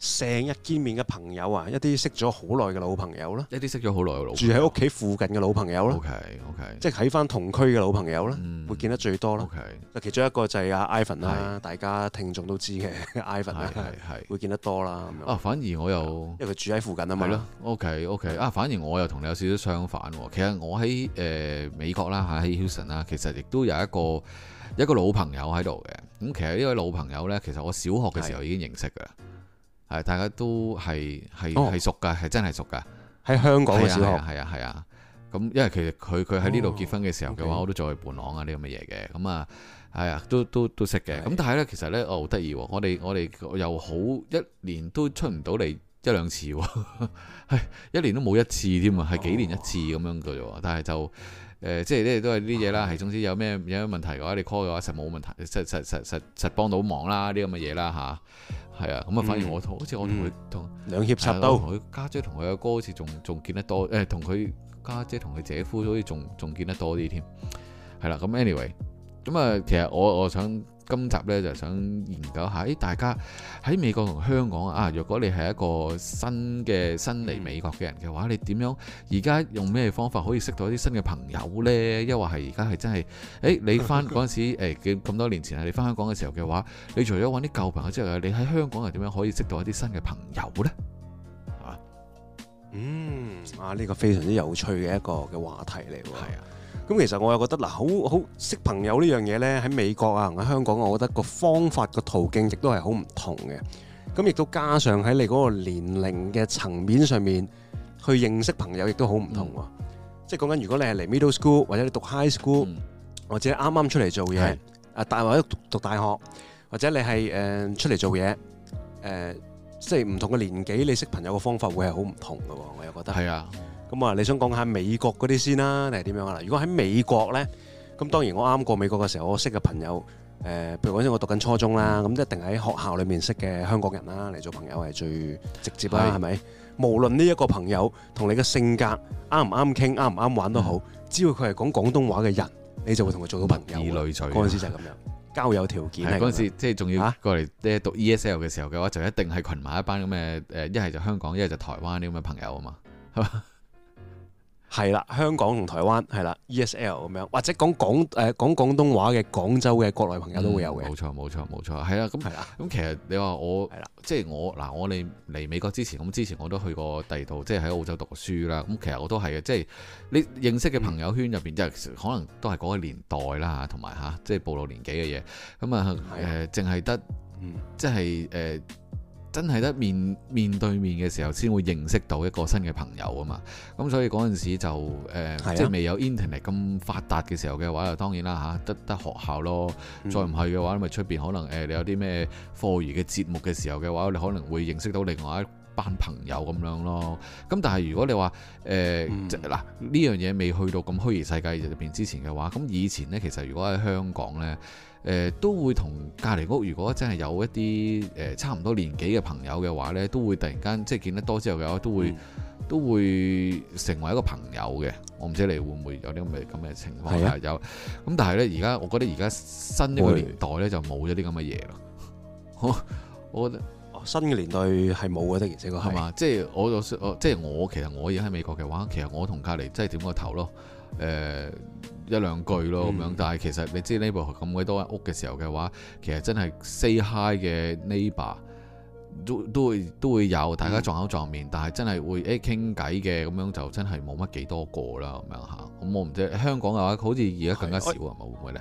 成日見面嘅朋友啊，一啲識咗好耐嘅老朋友啦，一啲識咗好耐嘅老住喺屋企附近嘅老朋友啦。OK OK，即係喺翻同區嘅老朋友咧，會見得最多啦。OK，其中一個就係阿 Ivan 啦，大家聽眾都知嘅 Ivan 啦，會見得多啦咁樣。啊，反而我又因為住喺附近啊嘛。係咯。OK OK，啊，反而我又同你有少少相反。其實我喺誒美國啦，喺 Houston 啦，其實亦都有一個一個老朋友喺度嘅。咁其實呢位老朋友咧，其實我小學嘅時候已經認識㗎。係，大家都係係係熟㗎，係真係熟㗎。喺、哦、香港嘅時候，係啊係啊，咁、啊啊啊、因為其實佢佢喺呢度結婚嘅時候嘅話，我都做佢伴郎啊啲咁嘅嘢嘅。咁啊，係、嗯、啊，都都都識嘅。咁的但係咧，其實咧，好、哦、得意喎、哦！我哋我哋又好一年都出唔到嚟一兩次喎、哦， 一年都冇一次添啊，係幾年一次咁樣嘅咋喎。但係就誒、呃，即係咧都係啲嘢啦。係總之有咩有問題嘅話，你 call 嘅話實冇問題，實實實實實，實，實幫到忙啦啲咁嘅嘢啦吓。係、嗯、啊，咁啊反而我同好似我同佢同兩肋插刀，佢家姐同佢阿哥好似仲仲，仲見得多，誒同佢家姐同佢姐夫好似仲仲見得多啲添，係啦、嗯，咁 anyway，咁啊其實我我想。今集咧就想研究下，誒大家喺美國同香港啊，若果你係一個新嘅新嚟美國嘅人嘅話，你點樣而家用咩方法可以識到一啲新嘅朋友呢？又或係而家係真係，誒、欸、你翻嗰陣時誒，咁、欸、多年前啊，你翻香港嘅時候嘅話，你除咗揾啲舊朋友之外，你喺香港又點樣可以識到一啲新嘅朋友呢？係、啊、嗯，啊呢、呢個非常之有趣嘅一個嘅話題嚟喎，係啊。咁其實我又覺得嗱，好好識朋友呢樣嘢呢，喺美國啊，喺香港，我覺得個方法個途徑亦都係好唔同嘅。咁亦都加上喺你嗰個年齡嘅層面上面，去認識朋友亦都好唔同喎。嗯、即係講緊如果你係嚟 middle school 或者你讀 high school，嗯、或者啱啱出嚟做嘢啊，大是或者讀大學，或者你係誒、呃、出嚟做嘢，誒、呃、即係唔同嘅年紀，你識朋友嘅方法會係好唔同嘅。我又覺得係啊。咁啊，你想講下美國嗰啲先啦，定係點樣啊？嗱，如果喺美國咧，咁當然我啱過美國嘅時候，我識嘅朋友，誒、呃，譬如嗰時我讀緊初中啦，咁、嗯、一定喺學校裏面識嘅香港人啦，嚟做朋友係最直接啦，係咪、嗯？無論呢一個朋友同你嘅性格啱唔啱傾、啱唔啱玩都好，嗯、只要佢係講廣東話嘅人，你就會同佢做到朋友。嗰陣時就係咁樣，交友條件係嗰陣時，即係仲要過嚟咧讀 ESL 嘅時候嘅話，就一定係群埋一班咁嘅誒，一係就香港，一係就台灣啲咁嘅朋友啊嘛，係嘛？ 係啦、嗯，香港同台灣係啦，ESL 咁樣，L，或者講廣誒、呃、講廣東話嘅廣州嘅國內朋友都會有嘅。冇、嗯、錯，冇錯，冇錯，係啦，咁係啦，咁了其實你話我係啦，了即係我嗱、呃，我哋嚟美國之前，咁之前我都去過第二度，即係喺澳洲讀書啦。咁其實我都係嘅，即係你認識嘅朋友圈入邊，嗯、即係可能都係嗰個年代啦同埋嚇，即係暴露年紀嘅嘢。咁啊誒，淨係得，即係誒。真係得面面對面嘅時候，先會認識到一個新嘅朋友啊嘛！咁所以嗰陣時就誒，呃啊、即係未有 Internet 咁發達嘅時候嘅話，又當然啦嚇、啊，得得學校咯。再唔係嘅話，咪出邊可能誒、呃，你有啲咩課餘嘅節目嘅時候嘅話，你可能會認識到另外一班朋友咁樣咯。咁但係如果你話誒，嗱、呃、呢、嗯、樣嘢未去到咁虛擬世界入邊之前嘅話，咁以前呢，其實如果喺香港呢。誒都會同隔離屋，如果真係有一啲誒差唔多年紀嘅朋友嘅話咧，都會突然間即係見得多之後嘅話，都會、嗯、都會成為一個朋友嘅。我唔知你會唔會有啲咁嘅咁嘅情況係？是、啊、有。咁但係咧，而家我覺得而家新一個年代咧就冇咗啲咁嘅嘢咯。我覺得新嘅年代係冇嘅，吧的而且確係嘛。即係我、嗯、即我即係我其實我而家喺美國嘅話，其實我同隔離即係點個頭咯。誒、呃。一兩句咯咁樣。嗯、但係其實你知呢部咁鬼多屋嘅時候嘅話，其實真係 say hi 嘅 neighbour 都都會都會有，大家撞口撞面。嗯、但係真係會誒傾偈嘅咁樣就真係冇乜幾多個啦咁樣嚇。咁我唔知香港嘅話，好似而家更加少是是、呃、啊，會唔會呢？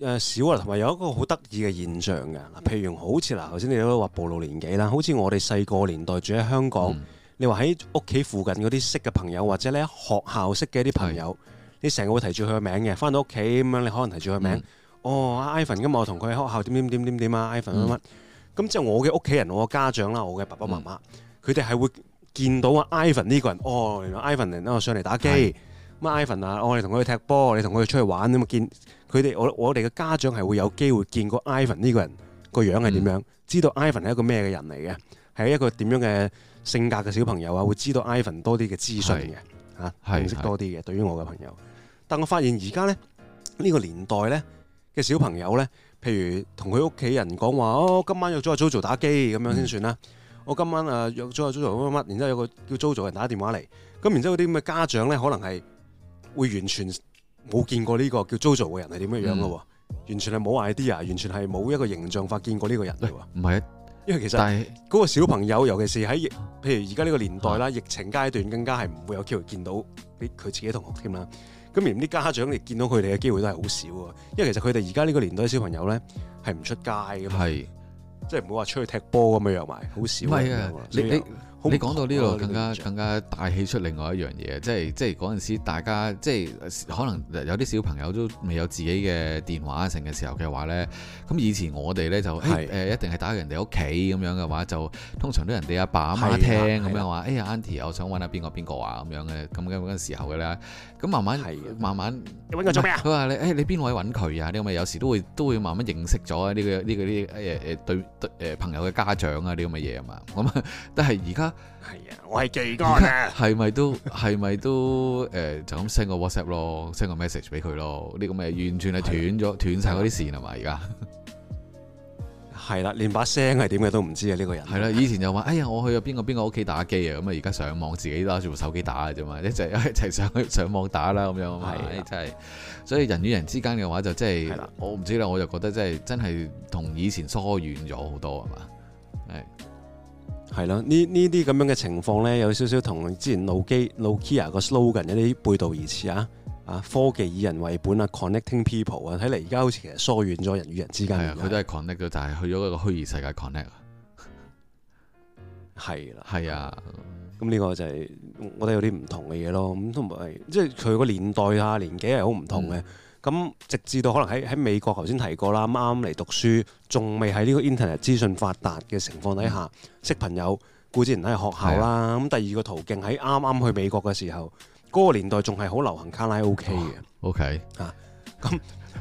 誒少啦，同埋有一個好得意嘅現象㗎，譬如好似嗱頭先你都話暴露年紀啦，好似我哋細個年代住喺香港，嗯、你話喺屋企附近嗰啲識嘅朋友，或者咧學校識嘅啲朋友。是你成日會提住佢個名嘅，翻到屋企咁樣，你可能提住佢個名。Mm. 哦，阿 Ivan 咁我同佢喺學校點點點點點啊，Ivan 乜乜。咁之後我嘅屋企人，我嘅家長啦，我嘅爸爸媽媽，佢哋係會見到啊 Ivan 呢個人。哦，原來 Ivan 嚟啦，上嚟打機。咁 Ivan 啊，我哋同佢去踢波，你同佢出去玩咁啊，見佢哋我我哋嘅家長係會有機會見過 Ivan 呢個人個樣係點樣，嗯、知道 Ivan 係一個咩嘅人嚟嘅，係一個點樣嘅性格嘅小朋友啊，會知道 Ivan 多啲嘅資訊嘅，嚇認識多啲嘅對於我嘅朋友。 但我發現而家咧呢、呢個年代咧嘅小朋友咧，譬如同佢屋企人講話，哦，今晚約咗阿 Jojo 打機咁樣先算啦。嗯、我今晚、呃、約啊約咗阿 Jojo 乜乜，Jojo，然之後有個叫 Jojo 人打電話嚟，咁然之後嗰啲咁嘅家長咧，可能係會完全冇見過呢個叫 Jojo 嘅人係點嘅樣咯，嗯、完全係冇 idea，完全係冇一個形象化見過呢個人嘅。唔係是，因為其實嗰是個小朋友，尤其是喺譬如而家呢個年代啦，的疫情階段更加係唔會有機會見到俾佢自己同學添啦。咁而家啲家長你見到佢哋嘅機會都係好少啊，因為其實佢哋而家呢個年代小朋友咧，係唔出街嘅，是即係唔會話出去踢波咁樣埋，好少。你講到呢度更加、嗯、更加大氣出另外一樣嘢，即係即係嗰陣時大家即係可能有啲小朋友都未有自己嘅電話成嘅時候嘅話咧，咁以前我哋咧就誒的、欸、一定係打人哋屋企咁樣嘅話就通常都人哋阿爸阿媽，媽聽咁樣話，哎呀 Auntie 我想揾下邊個邊個啊咁樣嘅，咁嘅嗰陣時候嘅啦。咁慢慢慢慢，的慢慢你揾佢做咩啊？佢話、欸、你誒你邊位揾佢啊？啲咁有時都會都會慢慢認識咗呢、呢個呢、呢個啲誒誒對，對朋友嘅家長啊啲咁嘅嘢啊嘛。咁但係而家。係啊，我係技干啊，係 咪樂都係咪都誒、呃，就咁 send 個 WhatsApp 咯，send 個 message 俾佢咯，呢個咪完全係斷咗斷晒嗰啲線係嘛，而家係啦，連把聲係點嘅都唔知啊呢、這個人係啦，以前就話哎呀，我去咗邊個邊個屋企打機啊，咁啊而家上網自己攞住部手機打嘅啫嘛，一齊一齊上去上網打啦咁樣啊，真係的，的所以人與人之間嘅話就即係，的我唔知啦，我就覺得即係真係同以前疏遠咗好多係嘛，係。係咯，這這呢呢啲咁樣嘅情況咧，有少少同之前諾基 Nokia 個 slogan 一啲背道而馳啊！啊，科技以人為本啊，connecting people 啊，睇嚟而家好似其實疏遠咗人與人之間。啊的，佢都係 connect 到，就係去咗一個虛擬世界 connect。啊。係啦，係啊，咁呢個就係、是、我覺得有啲唔同嘅嘢咯。咁同埋即係佢個年代啊、年紀係好唔同嘅。嗯咁直至到可能喺喺美國頭先提過啦，啱嚟讀書，仲未喺呢個 Internet 資訊發達嘅情況底下識朋友，固自然喺學校啦。咁的第二個途徑喺啱啱去美國嘅時候，嗰、那個年代仲係好流行卡拉 OK 嘅。OK，嚇，咁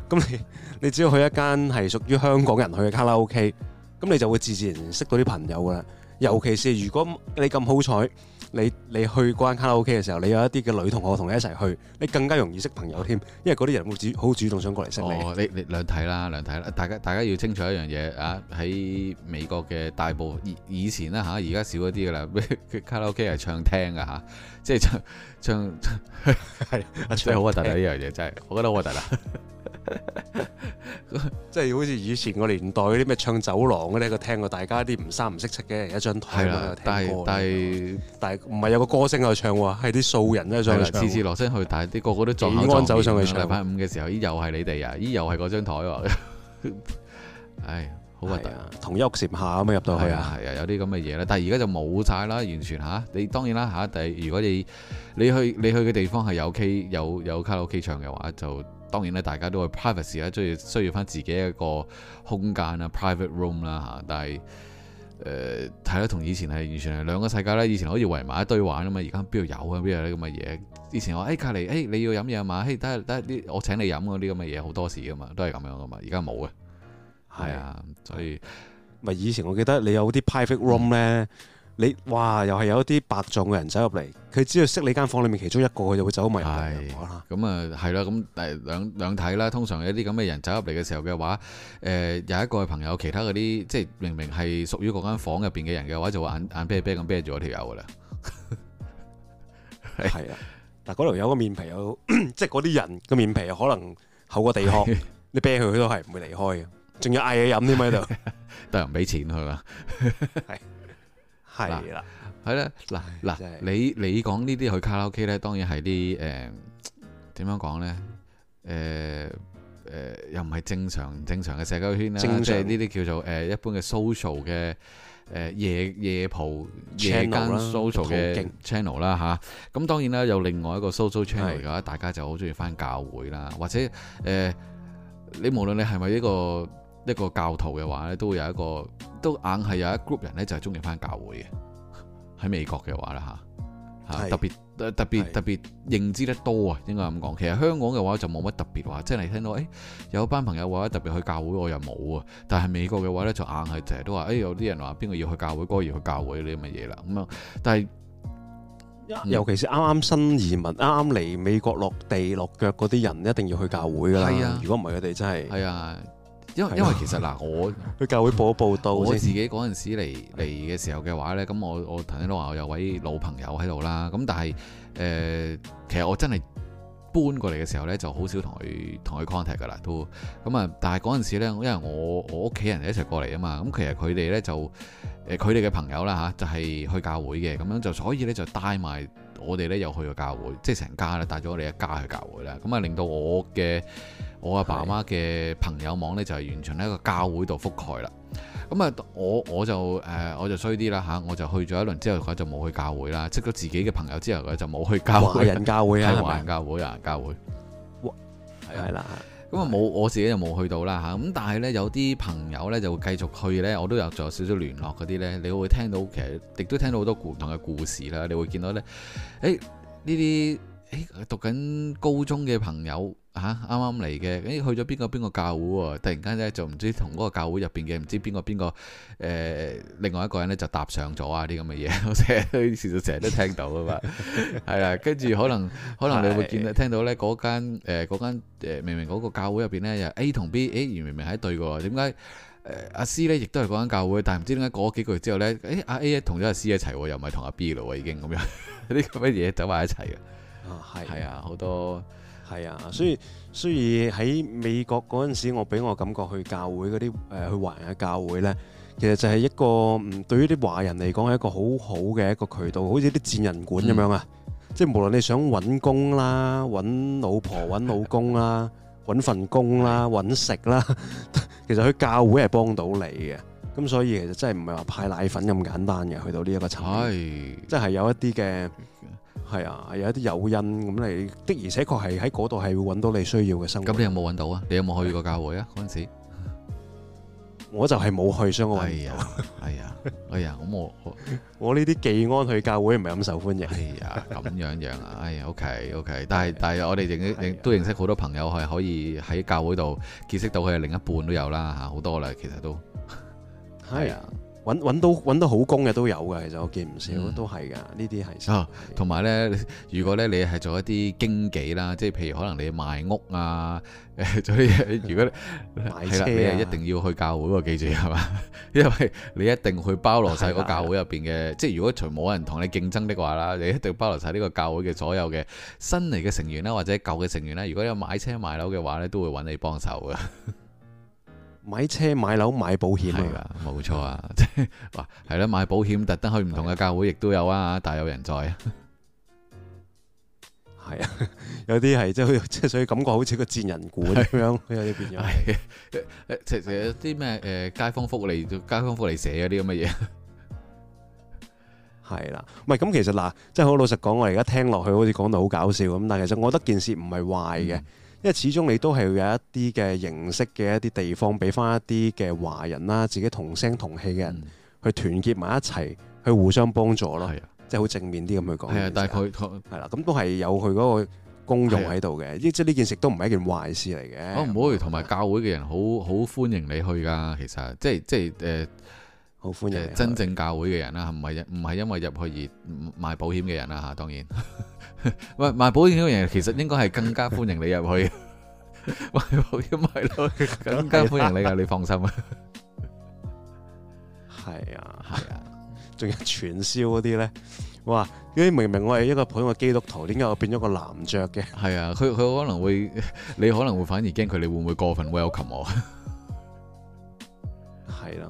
咁、啊、你你只要去一間係屬於香港人去嘅卡拉 OK，咁你就會自自然認識到啲朋友噶啦。尤其是如果你咁好彩。你你去關卡拉 OK 嘅時候，你有一啲嘅女同學同你一齊去，你更加容易識朋友添，因為嗰啲人會主好主動想過嚟識你。哦，你你兩睇啦，兩睇啦，大家大家要清楚一樣嘢啊！喺美國嘅大部以前啦嚇，而家少一啲噶啦，卡拉 OK 係唱聽噶嚇，即係唱唱係好核突啊！呢樣嘢真係，我覺得好核突啊！ 即係好似以前個年代嗰啲咩唱走廊嗰啲，個聽過大家啲唔三唔識七嘅，而一張台係啦。但係但係但係唔係有個歌星喺度唱喎，係啲素人真係唱次次落聲去，但係啲個個都坐安走上去，唱。禮拜五嘅時候，咦又係你哋啊，咦又係嗰張台喎。 唉，好核突，同一屋簷下咁啊入到去啊，係啊，有啲咁嘅嘢啦。但係而家就冇晒啦，完全吓、啊。你當然啦吓，第、啊、但係如果你你去你去嘅地方係有 K 有有卡拉 OK 唱嘅話，就。當然咧，大家都係 private 時間，需要需要翻自己一個空間啊，private room 啦嚇。但係誒，睇到同以前係完全係兩個世界啦。以前可以圍埋一堆玩啊嘛，而家邊度有啊？邊有啲咁嘅嘢？以前話誒隔籬誒你要飲嘢啊嘛，誒等下等下啲我請你飲嗰啲咁嘅嘢好多時噶嘛，都係咁樣噶嘛。而家冇嘅，係啊，所以咪以前我記得你有啲 private room 咧、嗯。你哇，又係有一啲白撞嘅人走入嚟，佢只要識你間房裏面其中一個，佢就會走埋入嚟。咁啊，係啦，咁但兩兩睇啦。通常有啲咁嘅人走入嚟嘅時候嘅話，誒有一個朋友，其他嗰啲即係明明係屬於嗰間房入邊嘅人嘅話，就眼眼啤啤咁啤住嗰條友噶啦。係啊，嗱嗰度有個面皮有，即係嗰啲人個面皮可能厚過地殼，你啤佢都係唔會離開嘅。仲要嗌嘢飲添喺度，得人俾錢佢啦。係。係啦，係咧，嗱嗱，你你講呢啲去卡拉 OK 咧，當然係啲誒點樣講咧？誒、呃、誒、呃呃，又唔係正常正常嘅社交圈啦，即係呢啲叫做誒、呃、一般嘅 social 嘅誒、呃、夜夜蒲啦夜間 social 嘅 channel 啦嚇。咁境、啊、當然啦，有另外一個 social channel 嘅話，了大家就好中意返教會啦，或者誒、呃，你無論你係咪一個。一個教徒嘅話咧，都會有一個都硬係有一 group 人咧，就係中意返教會嘅。喺美國嘅話啦，吓、啊、吓特別特別是的 特別認知得多啊，應該咁講。其實香港嘅話就冇乜特別話，即係你聽到誒有班朋友話特別去教會，我又冇啊。但係美國嘅話咧，就硬係成日都話誒，有啲人話邊個要去教會，哥要去教會啲咁嘅嘢啦。咁啊，但係、嗯、尤其是啱啱新移民，啱啱嚟美國落地落腳嗰啲人，一定要去教會噶啦。係是啊，啊，如果唔係佢哋真係係啊。因因為其實嗱，我去 教會報一報到，我自己嗰陣時嚟嚟嘅時候嘅話呢，咁我我頭先都話我有位老朋友喺度啦，咁但係誒、呃，其實我真係搬過嚟嘅時候呢，就好少同佢同佢 contact 噶啦，都咁啊！但係嗰陣時咧，因為我我屋企人一齊過嚟啊嘛，咁其實佢哋呢，就誒佢哋嘅朋友啦嚇，就係去教會嘅，咁樣就所以呢，就帶埋我哋呢，又去個教會，即係成家咧帶咗我哋一家去教會啦，咁啊令到我嘅。我阿爸阿媽嘅朋友網呢，就係、是、完全喺一個教會度覆蓋啦。咁啊，我就、呃、我就誒我就衰啲啦嚇，我就去咗一輪之後佢就冇去教會啦。識咗自己嘅朋友之後佢就冇去教。華人教會啊，教會啊，教會。係啊，係啦。咁啊冇我自己就冇去到啦嚇。咁、啊、但係呢，有啲朋友呢，就會繼續去呢。我都有做少少聯絡嗰啲呢，你會聽到其實亦都聽到好多共同嘅故事啦。你會見到呢，誒呢啲。啊、剛剛誒，讀緊高中嘅朋友吓，啱啱嚟嘅，誒去咗邊個邊個教會喎、啊？突然間咧就唔知同嗰個教會入邊嘅唔知邊個邊個誒，另外一個人咧就搭上咗啊啲咁嘅嘢，好似成日都聽到啊嘛，係啦、 啊，跟住可能可能你會見到聽到咧嗰間誒、呃、間誒、呃、明明嗰個教會入邊咧又 A 同 B，誒原明明係對嘅，點解誒阿 C 咧亦都係嗰間教會，但係唔知點解嗰幾個月之後咧，誒阿、啊、A 同咗阿 C 一齊，又唔係同阿 B 咯，已經咁樣啲咁嘅嘢走埋一齊啊！啊，係啊，好、嗯、多係啊，所以所以喺美國嗰陣時，我俾我感覺去教會嗰啲誒，去華人嘅教會呢，其實就係一個嗯，對於啲華人嚟講係一個好好嘅一個渠道，好似啲薦人館咁樣啊，嗯、即係無論你想揾工啦、揾老婆、揾老公啦、揾 份工啦、揾食啦，其實去教會係幫到你嘅。咁所以其實真係唔係話派奶粉咁簡單嘅，去到呢一個層面，即係有一啲嘅。係啊，有啲誘因咁嚟，的而且確係喺嗰度係會揾到你需要嘅生活。咁你有冇揾到啊？你有冇去過教會啊？嗰陣時，我就係冇去，所以我哎呀，哎呀， 哎呀，咁我 我呢啲技安去教會唔係咁受歡迎。哎呀，咁樣樣啊！ 哎呀，OK OK，但係 但係我哋認認、哎、呀都認識好多朋友係可以喺教會度結識到佢嘅另一半都有啦吓，好多啦，其實都係啊。哎呀哎揾到揾到好工嘅都有㗎，其實我見唔少都係噶，呢啲係。同埋、啊、呢。如果咧你係做一啲經紀啦，即係譬如可能你賣屋啊，做 啲如果買車、啊，你一定要去教會喎，記住係嘛， 因為你一定去包羅曬個教會入邊嘅，的即係如果除冇人同你競爭的話啦，你一定包羅曬呢個教會嘅所有嘅新嚟嘅成員啦，或者舊嘅成員啦，如果有買車買樓嘅話咧，都會揾你幫手嘅。 買車、買樓、買保險嚟㗎，冇錯啊，即係嗱，係啦，買保險特登去唔同嘅教會亦都有啊，大有人在。係啊，有啲係即係，即係所以感覺好似個賤人館咁樣，的有啲變咗。誒其實有啲咩，誒，街坊福利，街坊福利社嗰啲咁嘅嘢。係啦，唔係咁，其實嗱，即係好老實講，我而家聽落去好似講到好搞笑咁，但係其實我覺得件事唔係壞嘅。嗯因為始終你都係會有一啲嘅形式嘅一啲地方，俾翻一啲嘅華人啦，自己同聲同氣嘅人去團結埋一齊，去互相幫助咯，即係好正面啲咁去講。係啊，但係佢係啦，咁都係有佢嗰個功用喺度嘅，即係呢件事都唔係一件壞事嚟嘅。唔可以同埋教會嘅人好好歡迎你去噶，其實即係即係誒。好歡迎！真正教會嘅人啦，唔係唔係因為入去而賣保險嘅人啦吓，當然。喂， 賣保險嘅人其實應該係更加歡迎你入去。 賣保險入去更加歡迎你噶， 你放心啊。係啊，係 啊。仲 有傳銷嗰啲咧，哇！因為明明我係一個普通嘅基督徒，點解我變咗個男爵嘅？係啊，佢佢可能會，你可能會反而驚佢，你會唔會過分 welcome 我？係啦。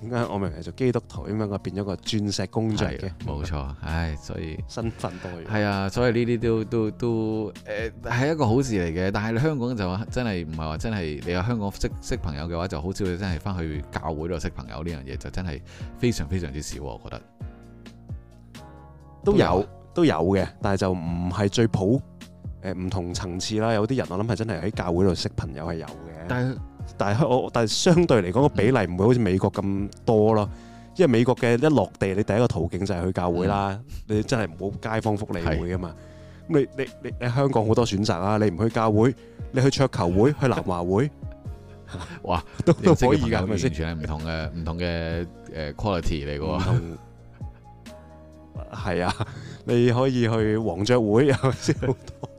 點解我明明做基督徒，點解我變咗個鑽石公仔嘅？冇錯， 唉，所以身份多樣。係啊，所以呢啲都都都誒係、呃、一個好事嚟嘅。但係你香港就真係唔係話真係你喺香港識識朋友嘅話，就好少真係返去教會度識朋友呢樣嘢，就真係非常非常之少，我覺得都有都有嘅，但係就唔係最普誒唔、呃、同層次啦。有啲人我諗係真係喺教會度識朋友係有嘅。但係但係我但係相對嚟講個比例唔會好似美國咁多咯，因為美國嘅一落地你第一個途徑就係去教會啦，你真係冇街坊福利會啊嘛。咁你你你你香港好多選擇啦，你唔去教會，你去桌球會、去南華會，哇都都可以㗎，係咪先？完全係唔同嘅唔同嘅誒 quality 嚟嘅喎。係啊，你可以去皇桌會，又係好多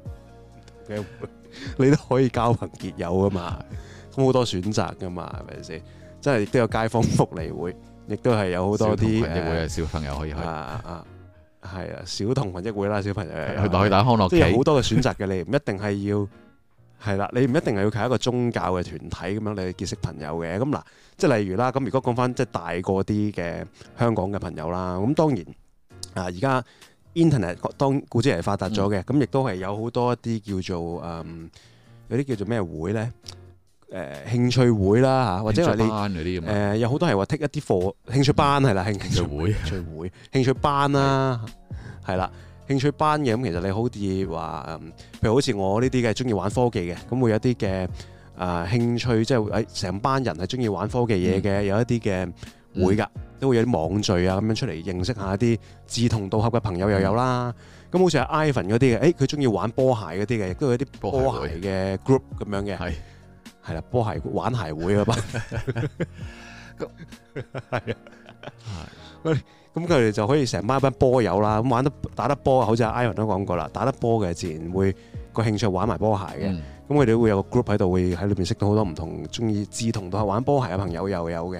嘅會，你都可以交朋結友啊嘛。咁好多選擇噶嘛，係咪先？即係亦都有街坊福利會，亦都係有好多啲……福利會係、啊、小朋友可以去啊啊啊！係啊，小童群益會啦，小朋友去，去打去打康樂，即係好多嘅選擇嘅 你，唔一定係要係啦，你唔一定係要靠一個宗教嘅團體咁樣嚟結識朋友嘅。咁嗱，即係例如啦，咁如果講翻即係大個啲嘅香港嘅朋友啦，咁當然啊，而家 Internet 當古之嚟發達咗嘅，咁亦、嗯、都係有好多一啲叫做誒、嗯、有啲叫做咩會咧。誒興趣會啦嚇，或者係你誒有好多係話 take 一啲課興趣班係啦，興趣會興趣會興趣班啦，係啦興趣班嘅，咁其實你好似話譬如好似我呢啲嘅中意玩科技嘅，咁會有啲嘅啊興趣即係成班人係中意玩科技嘢嘅，有一啲嘅會噶，都會有啲網聚啊咁樣出嚟認識下啲志同道合嘅朋友又有啦。咁好似阿 Ivan 嗰啲嘅，誒佢中意玩波鞋嗰啲嘅，亦都有啲波鞋嘅 group 咁樣嘅。係啦，波鞋玩鞋會啊嘛，係 啊 的，咁佢哋就可以成班一班波友啦。咁玩得打得波，好似阿 Iron 都講過啦，打得波嘅自然會個興趣玩埋波鞋嘅。咁佢哋會有個 group 喺度，會喺裏邊識到好多唔同中意志同道合玩波鞋嘅朋友又有嘅。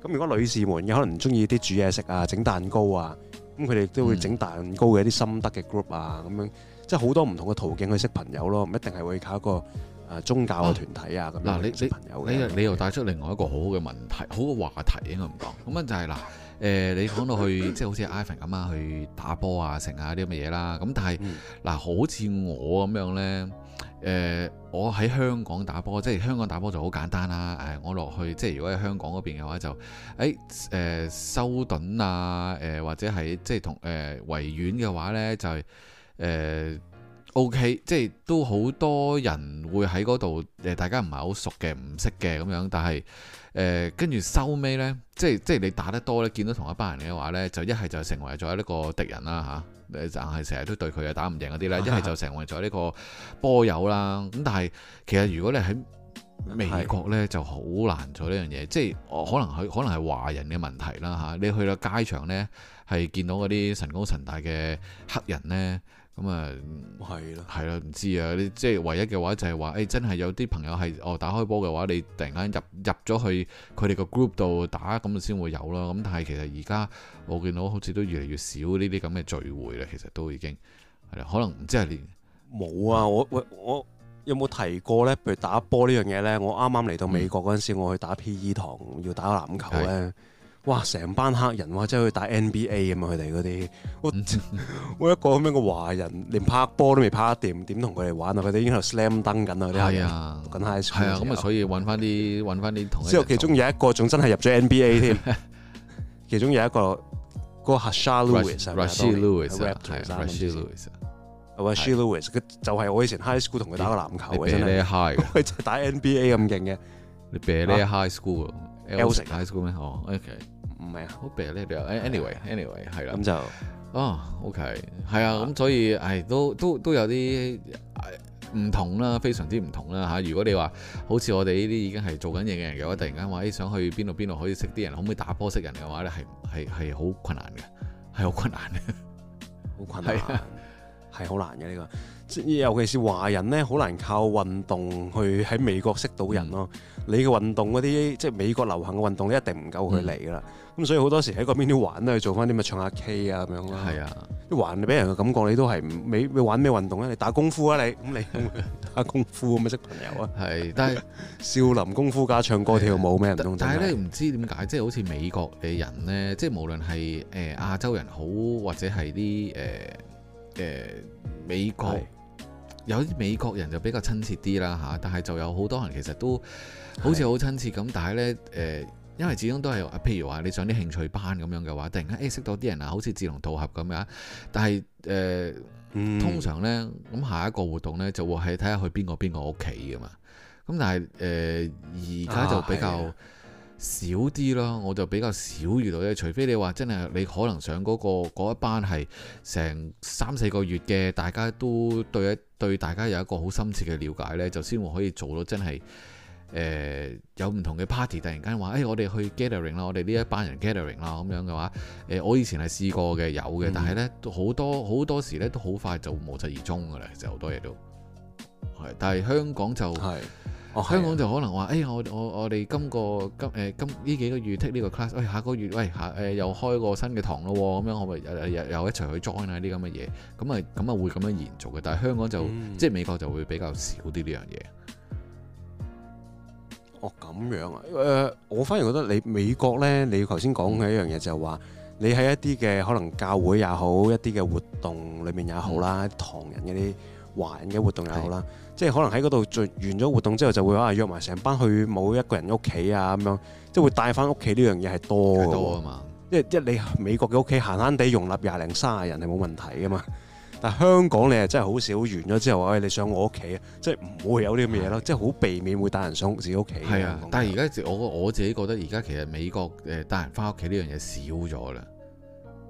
咁如果女士們，有可能唔中意啲煮嘢食啊、整蛋糕啊，咁佢哋都會整蛋糕嘅啲心得嘅 group 啊，咁樣即係好多唔同嘅途徑去識朋友咯，唔一定係會靠一個。誒、宗教嘅團體啊，嗱、啊、你你你你又帶出另外一個好好嘅問題，啊、好嘅話題應該唔講。咁啊 就係、是、嗱，誒、呃、你講到去即係、就是、好似 Ivan 咁啊，去打波啊、成下啲咁嘅嘢啦。咁但係嗱、呃，好似我咁樣呢，誒、呃、我喺香港打波，即、就、係、是、香港打波就好簡單啦。誒、呃、我落去即係、就是、如果喺香港嗰邊嘅話就，誒、欸、誒、呃、修頓啊，誒、呃、或者係即係同誒、呃、維園嘅話呢，就係、是、誒。呃 O.K. 即係都好多人會喺嗰度，誒大家唔係好熟嘅，唔識嘅咁樣。但係誒跟住收尾呢，即係即係你打得多咧，見到同一班人嘅話呢，就一係就成為咗呢個敵人啦嚇，誒但係成日都對佢啊打唔贏嗰啲啦，一係就成為咗呢個波友啦。咁、啊、但係其實如果你喺美國呢，的就好難做呢樣嘢，即係可能佢可能係華人嘅問題啦嚇、啊。你去到街場呢，係見到嗰啲神高神大嘅黑人呢。咁啊，係咯，係咯的，唔知啊。你即係唯一嘅話就，就係話，誒，真係有啲朋友係哦，打開波嘅話，你突然間入入咗去佢哋個 group 度打，咁先會有啦。咁但係其實而家我見到好似都越嚟越少呢啲咁嘅聚會啦。其實都已經係啦，可能唔知係連冇啊。我喂，我，我有冇提過呢？譬如打波呢樣嘢呢，我啱啱嚟到美國嗰陣時，嗯，我去打 P.E. 堂，要打個籃球呢。.哇！成班黑人哇，真係去打 NBA 啊嘛，佢哋嗰啲，我我一個咁樣嘅華人，連拍波都未拍得掂，點同佢哋玩啊？佢哋已經喺度 slam dunk 緊啊！係啊，讀緊 high school 啊，咁啊，所以揾翻啲揾翻啲同學。之後其中有一個仲真係入咗 NBA 添，其中有一個嗰個 Hassan Lewis 啊 Russell Lewis 啊，Russell Lewis 就係我以前 high school 同佢打過籃球嘅，真係 high，佢真係打 NBA 咁勁嘅，你俾 e a high school，L 成 high school 咩？唔係啊，好平咧！就 anyway，anyway 係啦，咁就哦，OK，係啊，咁所以係都都都有啲唔同啦，非常之唔同啦嚇。如果你話好似我哋呢啲已經係做緊嘢嘅人嘅話，突然間話想去邊度邊度可以識啲人，可唔可以打波識人嘅話咧，係係係好困難嘅，係好困難嘅，好困難，係好難嘅呢個，即尤其是華人咧，好難靠運動去喺美國識到人咯。你嘅運動嗰啲，即係美國流行嘅運動，一定唔夠佢嚟噶啦。咁所以好多時喺嗰邊啲玩咧，去做翻啲咪唱下 K 啊咁樣咯。係啊，玩俾、啊、人嘅感覺，你都係美。你玩咩運動啊？你打功夫啊，你咁你 打功夫咪識朋友啊。係，但係 少林功夫加唱歌是跳舞咩唔通？人但係咧唔知點解，即係好似美國嘅人咧，即係無論係誒亞洲人好，或者係啲誒誒美國是有啲美國人就比較親切啲啦吓。但係就有好多人其實都好似好親切咁，是是但係咧誒。呃因為始終都係，譬如話你上啲興趣班咁樣嘅話，突然間誒識到啲人啊，好似志同道合咁樣。但係誒，呃嗯、通常呢，咁下一個活動呢，就會係睇下去邊個邊個屋企㗎嘛。咁但係誒，而、呃、家就比較少啲咯。啊、我就比較少遇到，因為除非你話真係你可能上嗰、嗰個嗰一班係成三四個月嘅，大家都對一對大家有一個好深切嘅了解呢，就先會可以做到真係。誒、呃、有唔同嘅 party，突然間話誒，我哋去 gathering 啦，我哋呢一班人 gathering 啦，咁樣嘅話，誒、呃、我以前係試過嘅，有嘅、嗯，但係咧都好多好多時咧都好快就無疾而終㗎啦，其實好多嘢都係，但係香港就係、okay、香港就可能話誒、哎，我我我哋今個今誒、呃、今呢幾個月 take 呢個 class，喂、哎、下個月喂下誒、呃、又開個新嘅堂咯，咁樣可咪又又又一齊去 join 啊啲咁嘅嘢，咁咪咁咪會咁樣延續嘅，但係香港就、嗯、即係美國就會比較少啲呢樣嘢。哦，咁樣啊？誒、呃，我反而覺得你美國咧，你頭先講嘅一樣嘢就係話，你喺一啲嘅可能教會也好，一啲嘅活動裏面也好啦，唐人嘅啲華人嘅活動也好啦，即係可能喺嗰度做完咗活動之後就會哇約埋成班去某一個人屋企啊咁樣，即係會帶翻屋企呢樣嘢係多嘅多啊嘛，即係即係你美國嘅屋企，閒閒地容納廿零卅人係冇問題噶嘛。但香港你係真係好少完咗之後，喂，你上我屋企啊！即係唔會有啲咁嘅嘢咯，的即係好避免會帶人上自己屋企。係啊，但係而家我我自己覺得而家其實美國誒帶人返屋企呢樣嘢少咗啦，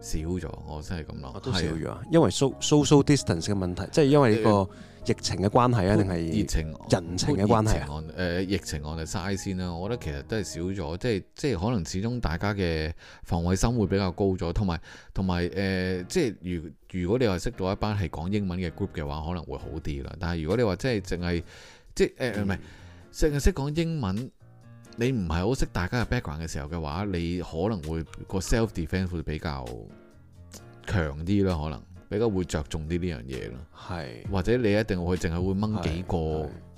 少咗，我真係咁諗。我都少咗，的因為 so social distance 嘅問題，嗯、即係因為呢、呢個。嗯疫情嘅關係啊，定係熱情人情嘅關係啊？誒、呃，疫情我哋嘥先啦。我覺得其實都係少咗，即係即係可能始終大家嘅防衞心會比較高咗，同埋同埋誒，即係如如果你話識到一班係講英文嘅 group 嘅話，可能會好啲啦。但係如果你話即係淨係即誒唔係淨係識講英文，你唔係好識大家嘅 background 嘅時候嘅話，你可能會個 self defense 會比較強啲啦，可能。比較會着重啲呢樣嘢咯，係是，或者你一定會淨係會掹幾個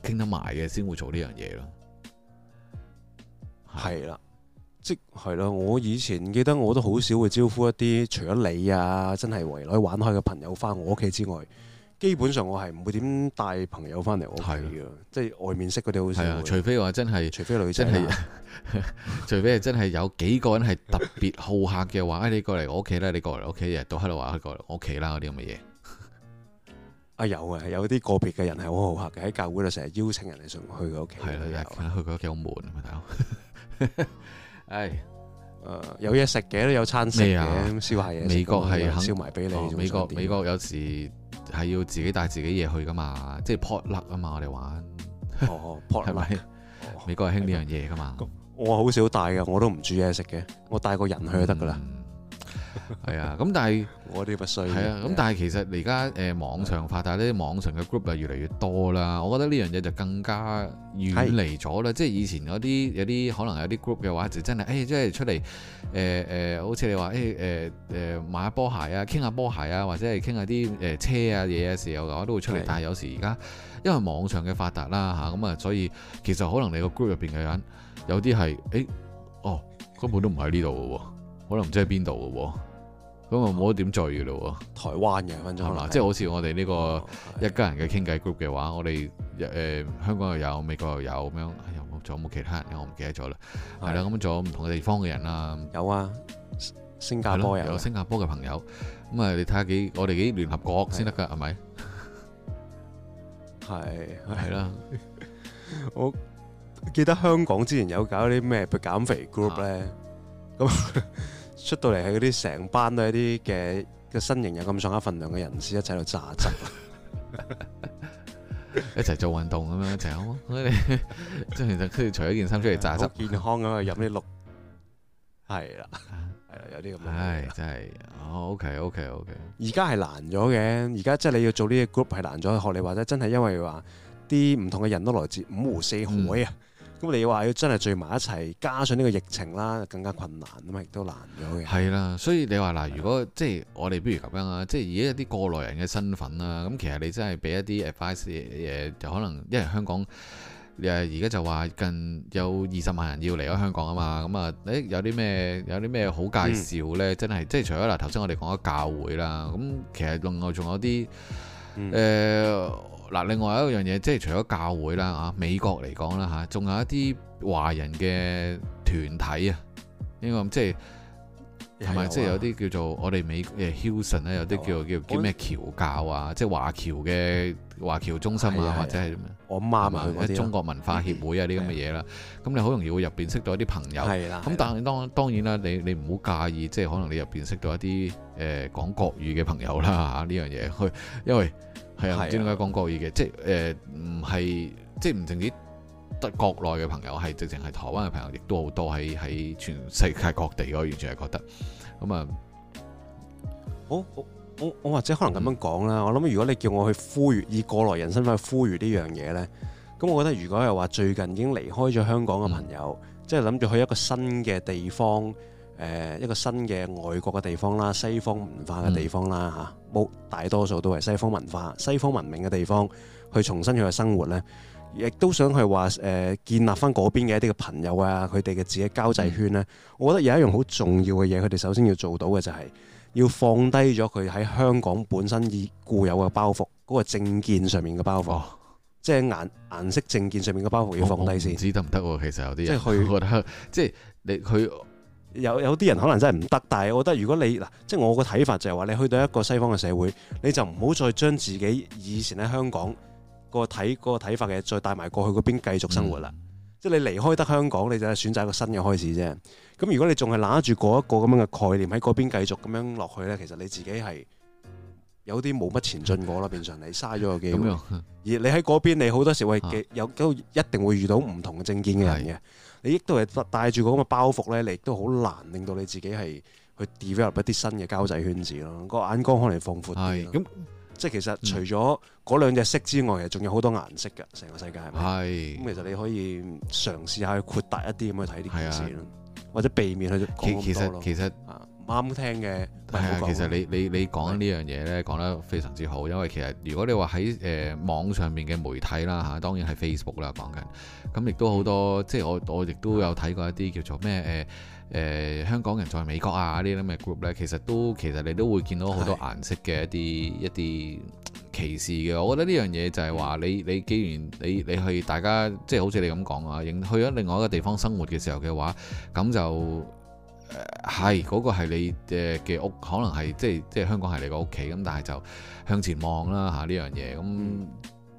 傾得埋嘅先會做呢樣嘢咯，係啦，即係咯，我以前記得我都好少會招呼一啲除咗你啊，真係圍來玩開嘅朋友返我屋企之外。基本上我係唔會點帶朋友翻嚟屋企嘅，即係外面識嗰啲好似。除非話真係，除非女，真係，除非係真係有幾個人係特別好客嘅話，你過嚟我屋企啦，你過嚟我屋企日都喺度話去過嚟我屋企啦嗰啲咁嘅嘢。啊有啊，有啲個別嘅人係好好客嘅，喺教會度成日邀請人哋上去佢屋企。係啦，去佢屋企好悶。有嘢食嘅，都有餐食嘅，美國係肯燒埋俾你。美國美國有時。係要自己帶自己嘢去噶嘛，即係 potluck 啊嘛，我哋玩。哦，potluck 係咪？美國係興呢樣嘢噶嘛。我好少帶嘅，我都唔煮嘢食嘅，我帶個人去就得噶啦。Mm hmm. 係啊，咁、 嗯、但係我哋唔需。係啊、 嗯，咁但係其實而家誒網上發達呢啲網上嘅 group 又越嚟越多啦。我覺得呢樣嘢就更加遠離咗啦。是即係以前嗰啲有啲可能有啲 group 嘅話，就真係誒、欸，即係出嚟誒誒，好似你話誒誒誒買下波鞋啊，傾下波鞋啊，或者係傾下啲誒車啊嘢嘅時候嘅話，都會出嚟。是但係有時而家因為網上嘅發達啦吓，咁啊、嗯，所以其實可能你個 group 入邊嘅人有啲係誒，哦，根本都唔喺呢度嘅。 可能唔知喺邊度嘅喎，咁啊冇一點在意咯喎。台灣嘅，分鐘係嘛？即係好似我哋呢個一家人嘅傾偈 group 嘅話，我哋誒香港又有，美國又有咁樣，又冇仲有冇其他人？我唔記得咗啦。係啦，咁仲有唔同嘅地方嘅人啦。有啊，新加坡人。有新加坡嘅朋友。咁啊，你睇下幾我哋幾聯合國先得噶，係咪？係係啦，我記得香港之前有搞啲咩減肥 group 咧，咁。出到嚟係嗰啲成班都係啲嘅個身形有咁上下份量嘅人士，一齊度榨汁， 一齊做運動咁樣一齊好，即係其實佢哋除咗件衫出嚟榨汁， 健康咁去飲啲綠，係啦，係啦，有啲咁，係真係，哦，OK，OK，OK，而家係難咗嘅，而家即係你要做呢個 group 係難咗，學你話齋，真係因為話啲唔同嘅人都來自五湖四海啊。咁你話要真係聚埋一齊，加上呢個疫情啦，更加困難咁啊，亦都難咗嘅。係啦，所以你話嗱，如果即係我哋不如咁樣啊，即係而家一啲過來人嘅身份啦，咁其實你真係俾一啲 advice 嘢，就可能因為香港誒而家就話近有二十萬人要離開香港啊嘛，咁啊，誒有啲咩有啲咩好介紹咧？嗯、真係即係除咗嗱頭先我哋講咗教會啦，咁其實另外仲有啲誒。呃嗯嗱，另外一樣嘢，即係除咗教會啦，啊，美國嚟講啦，嚇，仲有一啲華人嘅團體啊，應該咁即係同埋，即係有啲叫做我哋美誒 Hilton 咧，有啲叫叫叫咩僑教啊，即係華僑嘅華僑中心啊，或者係我媽啊，一中國文化協會啊啲咁嘅嘢啦，咁你好容易會入邊識到一啲朋友，係啦。咁但係當當然啦，你你唔好介意，即係可能你入邊識到一啲誒講國語嘅朋友啦，嚇呢樣嘢去，因為。係啊，唔知點解講國語嘅，即係誒，唔係即係唔淨止得國內嘅朋友，係直情係台灣嘅朋友，亦都好多喺喺全世界各地，我完全係覺得咁啊、嗯哦！我我我我或者可能咁樣講啦，嗯、我諗如果你叫我去呼籲以過來人身份去呼籲呢樣嘢咧，咁我覺得如果係話最近已經離開咗香港嘅朋友，嗯、即係諗住去一個新嘅地方。誒一個新嘅外國嘅地方啦，西方文化嘅地方啦嚇，冇、嗯、大多數都係西方文化、西方文明嘅地方去重新去生活咧，亦都想去話誒建立翻嗰邊嘅一啲嘅朋友啊，佢哋嘅自己交際圈咧，我覺得有一樣好重要嘅嘢，佢哋首先要做到嘅就係、是、要放低咗佢喺香港本身已固有嘅包袱，嗰、那個政見上面嘅包袱，即係顏顏色政見上面嘅包袱要放低先。唔知得唔得喎？其實有啲人即係去覺得，即係你去。有有啲人可能真係唔得，但係我覺得如果你嗱，即係我個睇法就係話，你去到一個西方嘅社會，你就唔好再將自己以前喺香港、個睇嗰個睇法嘅，再帶埋過去嗰邊繼續生活啦。嗯、即係你離開得香港，你就選擇一個新嘅開始啫。咁如果你仲係攬住嗰一個咁樣嘅概念喺嗰邊繼續咁樣落去呢，其實你自己係有啲冇乜前進過啦。嗯、變相你嘥咗個機會。而你喺嗰邊，你好多時會有都、啊、一定會遇到唔同嘅政見嘅人嘅。嗯嗯你亦都係帶住個咁嘅包袱咧，你亦都好難令到你自己係去 develop 一啲新嘅交際圈子咯。嗯、個眼光可能放闊啲，咁、嗯、即係其實除咗嗰兩隻色之外，仲有好多顏色㗎，成個世界係咪？係咁是，其實你可以嘗試下去擴大一啲咁去睇呢件事咯，啊、或者避免去。其其實其實。其實啊啱聽嘅，其實你你你講呢樣嘢咧，講是得非常之好，因為其實如果你話喺誒網上面嘅媒體啦嚇，當然係 Facebook 啦，講緊咁亦都好多，即係我我亦都有睇過一啲叫做咩誒誒香港人在美國啊呢啲咁嘅 group 呢，其實都其實你都會見到好多顏色嘅一啲是一啲歧視嘅。我覺得呢樣嘢就係話你你，你既然你你去大家即係好似你咁講啊，去咗另外一個地方生活嘅時候嘅話，咁就。誒，係嗰、那個係你誒嘅屋，可能係即係即係香港係你個屋企，咁但係就向前望啦吓呢樣嘢，咁、啊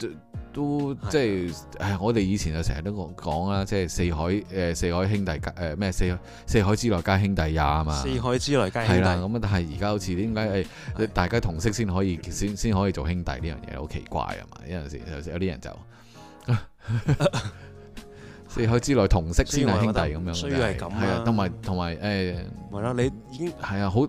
嗯、都即係誒的，我哋以前就成日都講講啦，即係四海誒、呃、四海兄弟誒咩四四海之內皆兄弟呀嘛，四海之內皆兄，兄弟。係啦，咁但係而家好似點解誒大家同色先可以先先可以做兄弟呢樣嘢，好奇怪呀嘛？有陣時有啲人就。 四海之內同色之外，兄弟咁樣，需要係咁嘅，同埋同埋誒，係啦、欸啊，你已經係啊，好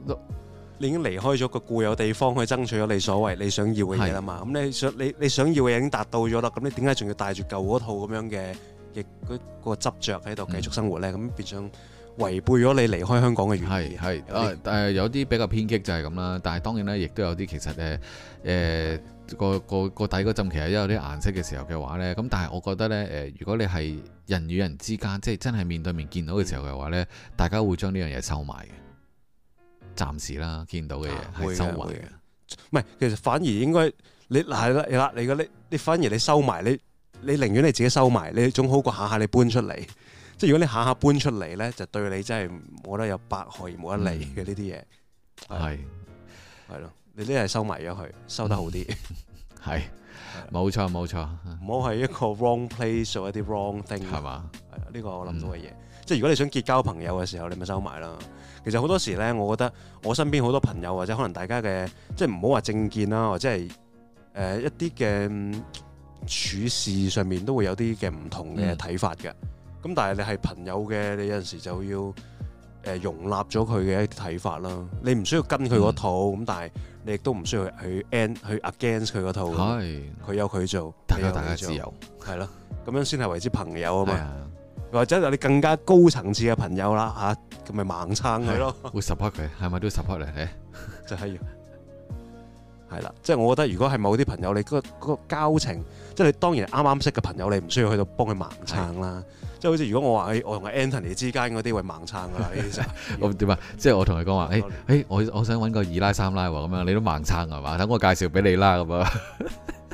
你已經離開咗個固有地方去爭取咗你所謂你想要嘅嘢啊嘛。咁你想你你想要嘅嘢已經達到咗啦，咁你點解仲要帶住舊嗰套咁樣嘅嘅嗰個執著喺度繼續生活咧？咁變相。違背咗你離開香港嘅原意，係係誒誒，有啲比較偏激就係咁啦，但係當然咧，亦都有啲其實誒誒、呃、個個個底個陣其實都有啲顏色嘅時候嘅話咧，咁但係我覺得咧誒，如果你係人與人之間即係真係面對面見到嘅時候嘅話咧，大家會將呢樣嘢收埋嘅，暫時啦，見到嘅嘢係收埋嘅，唔係、啊、其實反而應該你嗱啦，你啦你嘅你你反而你收埋你你寧願你自己收埋，你總好過下下你搬出嚟。即係如果你下下搬出嚟咧，就對你真係我覺得有百害而冇一利嘅呢啲嘢，係係咯，你呢係收埋咗佢，收得好啲，係冇錯冇錯，唔好係一個 wrong place 做一啲 wrong thing，係嘛吧？係啊，呢、這個我諗到嘅嘢。嗯、即係如果你想結交朋友嘅時候，你咪收埋啦。其實好多時咧，我覺得我身邊好多朋友或者可能大家嘅，即係唔好話政見啦，或者係誒、呃呃、一啲嘅處事上面都會有啲嘅唔同嘅睇法嘅。嗯咁但係你係朋友嘅，你有陣時就要誒、呃、容納咗佢嘅一啲睇法啦。你唔需要跟佢嗰套，咁、嗯、但係你亦都唔需要去 e 去 against 佢嗰套。佢、嗯、有佢做，大家大家自由係咯。咁 樣先係為之朋友啊嘛。呀或者你更加高層次嘅朋友啦，吓咁咪盲撐佢咯。會 support 佢係咪都 support 嚟？就係係啦。即係我覺得，如果係某啲朋友，你嗰個交情，即係你當然啱啱識嘅朋友，你唔需要去到幫佢盲撐嘿啦。即係好似如果我話誒、欸，我同 Anthony 之間嗰啲會盲撐㗎啦，其實我點啊？即係我同佢講話誒誒，我我想揾個二奶、三奶喎，咁樣你都盲撐㗎係嘛？等我介紹俾你啦咁啊，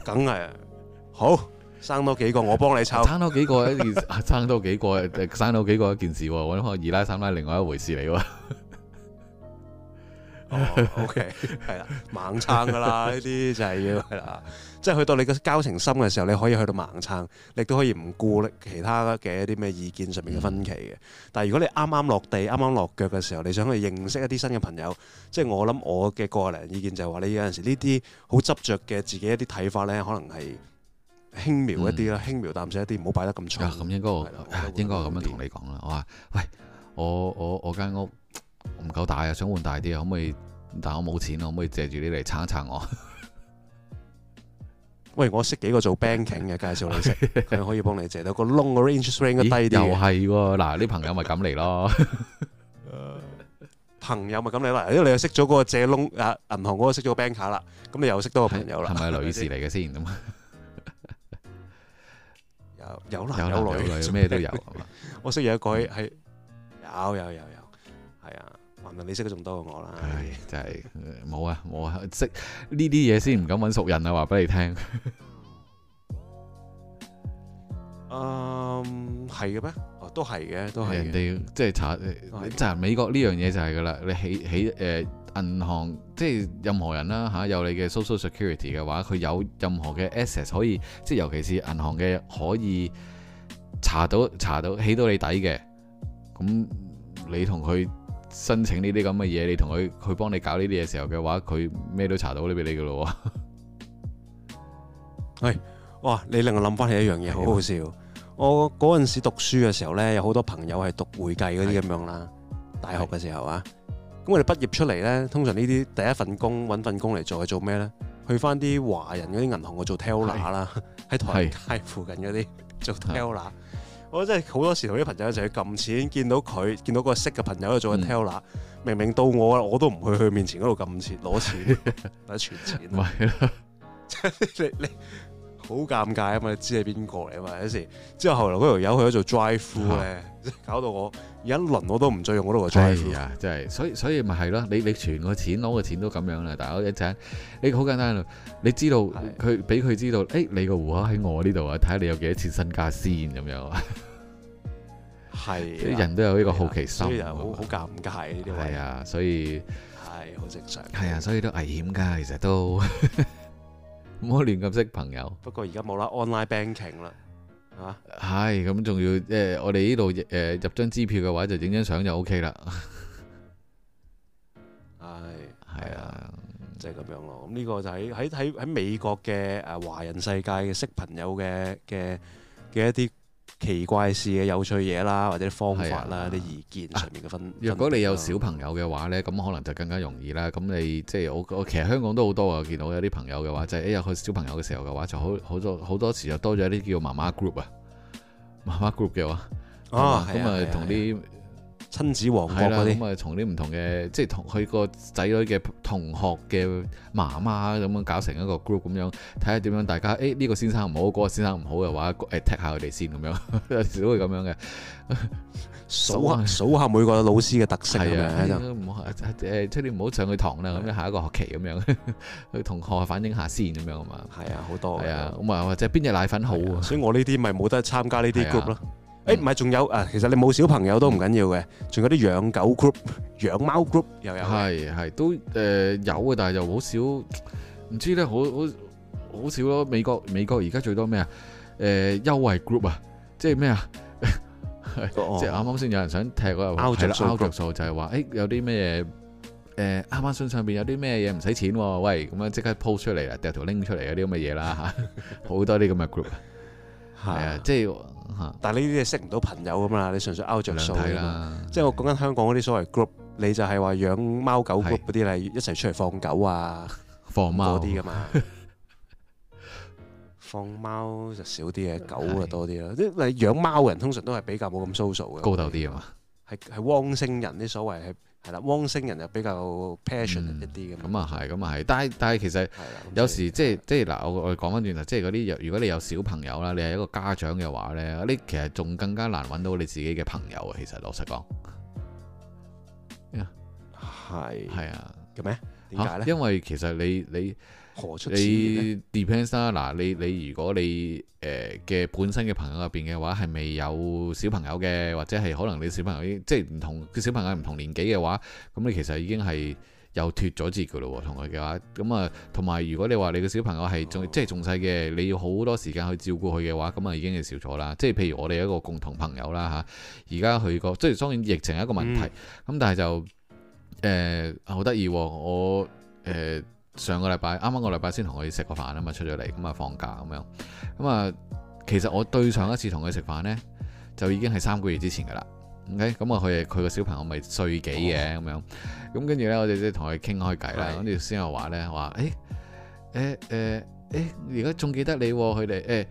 梗係 好生多幾個，我幫你抽，生多幾個一件，生多幾個 生多幾個一件事喎，揾個二奶、三奶另外一回事嚟喎。 o k 係啦，猛撐噶啦，呢啲就係要係啦，即係去到你個交情深嘅時候，你可以去到猛撐，你都可以唔顧其他嘅一啲咩意見上面嘅分歧嘅。但係如果你啱啱落地、啱啱落腳嘅時候，你想去認識一啲新嘅朋友，即、就、係、是、我諗我嘅個人意見就係話，你有陣時呢啲好執着嘅自己一啲睇法呢，可能係輕描一啲啦，輕、mm hmm. 描淡寫一啲，唔好擺得咁重。咁、yeah, 應該係啦，應該咁樣同你講啦。看 drawn out lies 我話，喂，我我我間屋。唔夠大啊！想換大啲啊，可唔可以？但我冇錢咯，可唔可以借住你嚟撐一撐我？喂，我識幾個做 banking 嘅介紹你識，佢 可以幫你借到個窿個 range range 低啲。又係嗱啲朋友咪咁嚟咯， 朋友咪咁嚟啦，因為你又識咗個借窿啊、er，銀行嗰個識咗個 banker 啦，咁你又識多個朋友啦，係咪女士嚟嘅先咁有有男，有，男有女咩女都有 我識有一個係有有有有係啊！你識嘅仲多過我啦，唉，真係冇啊，冇、呃、啊，識呢啲嘢先唔敢揾熟人啊，話俾你聽。嗯，係嘅咩？都係嘅，都係人哋即係查，即係美國呢樣嘢就係噶啦。你起起誒、呃、銀行，即係任何人啦吓、啊，有你嘅 Social Security 嘅話，佢有任何嘅 access 可以，即係尤其是銀行嘅可以查到查到，查到起到你底嘅咁，你同佢。申請呢啲咁嘅嘢，你同佢佢幫你搞呢啲嘢時候嘅話，佢咩都查到呢，俾你噶咯喎。係，哇！你令我諗翻起一樣嘢，好好笑。的我嗰陣時讀書嘅時候咧，有好多朋友係讀會計嗰啲咁樣啦，的大學嘅時候啊。咁我哋畢業出嚟咧，通常呢啲第一份工，搵份工嚟做係做咩咧？去翻啲華人嗰啲銀行我做 teller 啦的，喺 台街附近嗰啲的 做 teller。我真係好多時同啲朋友一齊去撳錢，見到佢見到個識嘅朋友喺度做緊 teller、嗯、明明到我啦，我都唔去佢面前嗰度撳錢攞錢或者存錢。唔係啦，你你。好尷尬啊嘛，你知係邊個嚟啊嘛？有時之後，後來嗰條友去咗做 drive through 咧，啊、搞到我有一輪我都唔再用嗰度嘅 drive through 啊！真係，所以所以咪係咯，你你存個錢攞個錢都咁樣啦，大家一陣，你好簡單啦，你知道佢俾佢知道，誒、欸、你個戶口喺我呢度啊，睇下你有幾多錢身家先咁樣 啊。係，啲人都有呢個好奇心，好好尷尬呢啲係啊，所以係好、啊啊啊、正常，係啊，所以都危險㗎，其實都。 唔好亂咁識朋友。不過而家冇啦，online banking 啦，係嘛？係咁，仲要誒，我哋呢度誒入張支票嘅話，就影張相就 OK 啦。係係啊，即係咁樣咯。咁呢個就喺喺喺喺美國嘅誒華人世界嘅識朋友嘅嘅嘅一啲。奇怪事嘅有趣嘢啦，或者方法啦，啲、啊、意見上面嘅分、啊。若果你有小朋友嘅話呢，咁、嗯、可能就更加容易啦。咁你即係我，我其實香港都好多啊，見到有啲朋友嘅話，就係、是欸、一日去小朋友嘅時候嘅話，就好好多好多時就多咗一啲叫媽媽 group 啊，媽媽 group 嘅話，咁啊同啲。親子王國啦，咁啊，從啲唔同嘅，即係同佢個仔女嘅同學嘅媽媽咁樣搞成一個 group 咁樣，睇下點樣大家，誒呢個先生唔好，嗰個先生唔好嘅話，誒踢下佢哋先咁樣，有時都會咁樣嘅。數下 數下每個老師嘅特色咁即你唔好上去堂啦，咁樣下一個學期咁樣，佢同學反映下先咁樣啊嘛。係啊，好多嘅，咁啊或者邊隻奶粉好喎？所以我呢啲咪冇得參加呢啲 group 咯。誒唔係，仲有啊！其實你冇小朋友都唔緊要嘅，仲有啲養狗 group、養貓 group 又有。係係都誒有嘅，但係又好少，唔知咧，好好好少咯。美國美國而家最多咩啊？誒優惠 group 啊，即係咩啊？即係啱啱先有人想踢我又係咯，拗著數就係話誒有啲咩嘢誒啱啱信上邊有啲咩嘢唔使錢喎？喂，咁樣即刻 post 出嚟啊，掉條 link 出嚟嗰啲咁嘅嘢啦，好多啲咁嘅 group 啊，係啊，即係。但係呢啲嘢識唔到朋友㗎嘛，你純粹 Out 著數，即係我講緊香港嗰啲所謂 group，你就係話養貓狗 group 嗰啲，例如一齊出嚟放狗啊、放貓嗰啲噶嘛。放貓就少啲嘅，狗就多啲啦。即係養貓嘅人通常都係比較冇咁 social 嘅，高竇啲啊嘛。係係汪星人啲所謂係。係啦，汪星人就比較 passion，嗯、一啲些咁。咁啊係，咁啊係，但係但係其實有時即係即係嗱，我我，我講翻轉頭，即係嗰啲如果你有小朋友啦，你係一個家長嘅話咧，你其實仲更加難揾到你自己嘅朋友啊。其實，老實講，係、yeah. 係啊，點咩？點解咧？因為其實你你。你 depends 啊，嗱，你你如果你誒嘅、呃、本身嘅朋友入邊嘅話，係咪有小朋友嘅？或者係可能你小朋友即係唔同嘅小朋友唔同年紀嘅話，咁你其實已經係又脫咗節噶咯，同佢嘅話，咁啊，同埋如果你話你嘅小朋友係仲、哦、即係仲細嘅，你要好多時間去照顧佢嘅話，咁啊已經係少咗啦。即係譬如我哋一個共同朋友啦吓，而家佢個即係當然疫情係一個問題，咁、嗯、但係就誒好得意，我誒。呃上個禮拜啱啱個禮拜先同佢食個飯啊嘛，出咗嚟咁啊放假咁樣，咁啊其實我對上一次同佢食飯咧，就已經係三個月之前噶啦。OK，咁啊佢佢個小朋友咪歲幾嘅咁樣、哦、咁跟住咧我哋即係同佢傾開偈啦，跟住先又話咧話誒誒誒誒，而家仲記得你喎，佢哋誒，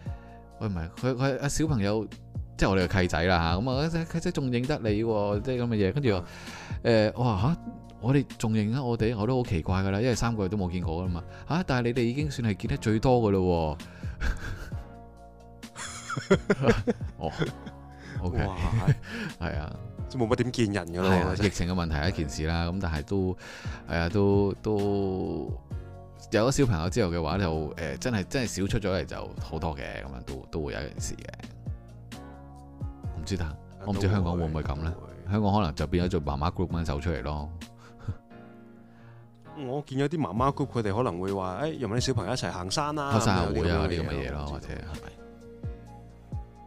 喂，唔係佢佢啊、欸欸、小朋友即係、就是、我哋個契仔啦嚇，咁啊契仔仲認得你喎啲咁嘅嘢，跟住、就是、我誒、欸、我話嚇我哋仲認得我哋我都好奇怪噶啦，因為三個月都冇見過噶嘛。啊！但係你哋已經算係見得最多噶啦喎。OK 係啊，冇乜點見人噶啦、啊。 疫情嘅問題係一件事啦，咁對但係都係啊對，都都，都有咗小朋友之後嘅話就誒、欸，真係真係少出咗嚟就好多嘅，咁樣都都會有一件事嘅。唔知但，會我唔知香港會唔會咁咧？會香港可能就變咗做媽媽 group 咁走出嚟咯。我見有啲媽媽 group，佢哋可能會話，誒、哎，有冇啲小朋友一齊行山啊？開生日會啊，呢啲咁嘅嘢咯，或者係咪？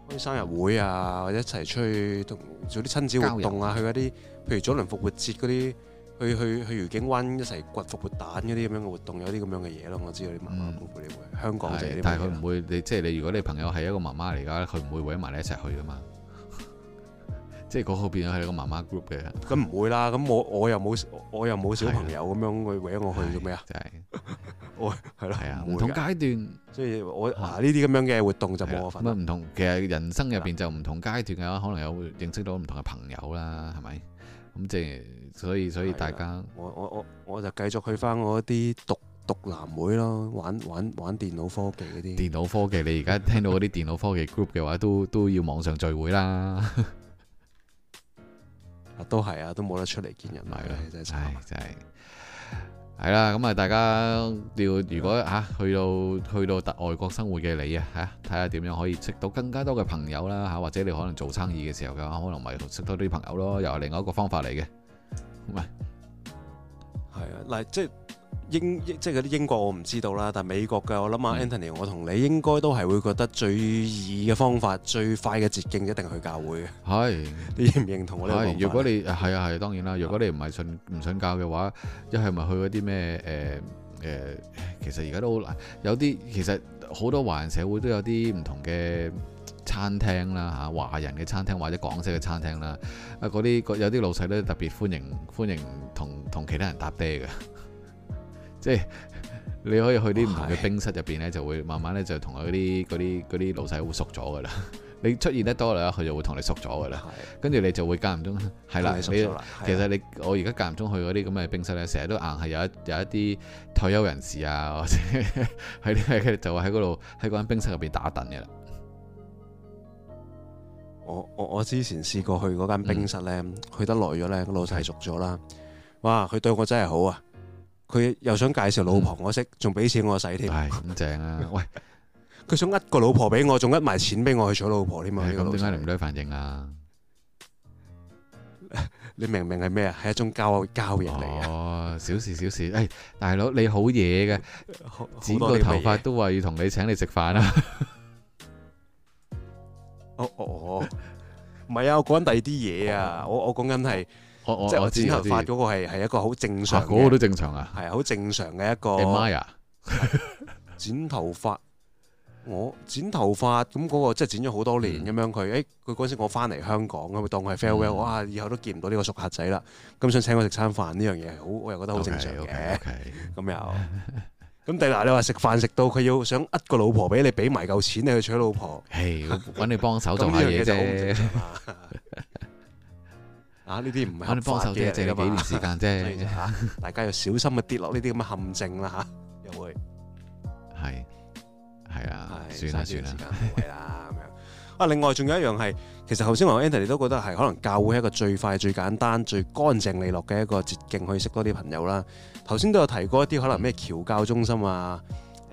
開生日會啊，或者一齊出去同做啲親子活動啊，友去嗰啲，譬如早輪復活節嗰啲，去去去愉景灣一齊掘復活蛋嗰啲咁樣嘅活動，有啲咁樣嘅嘢咯。我知道啲媽媽 group 會香港、嗯、但係佢唔會，你即係你如果你朋友係一個媽媽嚟噶，佢唔會搵埋你一齊去噶嘛。即係嗰個變咗係一個媽媽 group 嘅，咁唔會啦。咁我我又冇，我又冇小朋友咁樣去搲我去做咩啊？就係，我係咯，唔同階段，所以我啊呢啲咁樣嘅活動就冇我份。咁啊唔同，其實人生入邊就唔同階段嘅話，可能有認識到唔同嘅朋友啦，係咪？咁即係所以，所以大家我我我我就繼續去翻我啲獨獨男會咯，玩玩玩電腦科技嗰啲。電腦科技，你而家聽到嗰啲電腦科技 group 嘅話，都都要網上聚會啦。都係啊，都冇得出嚟見人咪啦，係，真係真係，係啦，咁啊，大家要如果吓，去到去到特外國生活嘅你啊嚇，睇下點樣可以識到更加多嘅朋友啦嚇，或者你可能做生意嘅時候嘅話，可能咪識多啲朋友咯，又係另外一個方法嚟嘅。喂，係啊，嗱，即英即係啲英國，我唔知道啦。但係美國嘅，嗯、我諗阿 Anthony，我同你應該都係會覺得最易嘅方法、嗯、最快嘅捷徑，一定係去教會嘅。係，你認唔認同我呢個講法？係，如果你係啊係，當然啦。如果你唔係、啊啊、信唔、嗯、信教嘅話，一係咪去嗰啲咩誒誒？其實而家都有啲，其實好多華人社會都有啲唔同嘅餐廳啦嚇、啊，華人嘅餐廳或者港式嘅餐廳啦啊，嗰啲有啲老細咧特別歡迎歡迎同同其他人搭爹嘅。即係你可以去啲唔同嘅冰室入邊咧，哦、就會慢慢咧就同佢啲啲啲老細會熟咗噶啦。你出現得多啦，佢就會同你熟咗噶啦。跟住、嗯、你就會間唔中係啦。其實你我而家間唔中去嗰啲咁嘅冰室咧，成日都硬係有一有一啲退休人士啊，或者喺啲就喺嗰度喺嗰間冰室入邊打躉嘅啦。我我我之前試過去嗰間冰室咧，嗯、去得耐咗咧，個老細熟咗啦。哇，佢對我真係好啊！佢又想介紹老婆我識，仲俾錢我使添。係咁正啊！喂，佢想呃個老婆俾我，仲呃埋錢俾我去娶老婆添嘛？係咁點解你唔女反應啊？你明唔明係咩啊？係一種交交人嚟啊！哦，小事小事。誒，大佬你好嘢嘅，剪個頭髮都話要同你請你食飯啦。哦哦，唔係啊，我講緊第二啲嘢啊，我我講緊係。我即係我剪頭髮嗰個係係一個好正常，個都正常啊，係好正常嘅一個。媽剪頭髮，我剪頭髮咁嗰個即係剪咗好多年咁樣。佢誒，佢嗰陣時我翻嚟香港，咁當佢係 farewell，哇，以後都見唔到呢個熟客仔啦。咁想請我食餐飯呢樣嘢，好我又覺得好正常嘅。咁又咁第日，你話食飯食到佢要想呃個老婆俾你，俾埋夠錢你去娶老婆，係搵你幫手做下嘢啫。啊！呢啲唔係合法嘅嘢啊嘛，幾年時間啫嚇，大家要小心啊，跌落呢啲咁嘅陷阱啦嚇，又會係係啊，少啲時間係啦咁樣啊。另外仲有一樣係，其實頭先我 Angela 都覺得係可能教會係一個最快、最簡單、最乾淨利落嘅一個捷徑去識多啲朋友啦。頭先都有提過一啲可能咩橋教中心啊、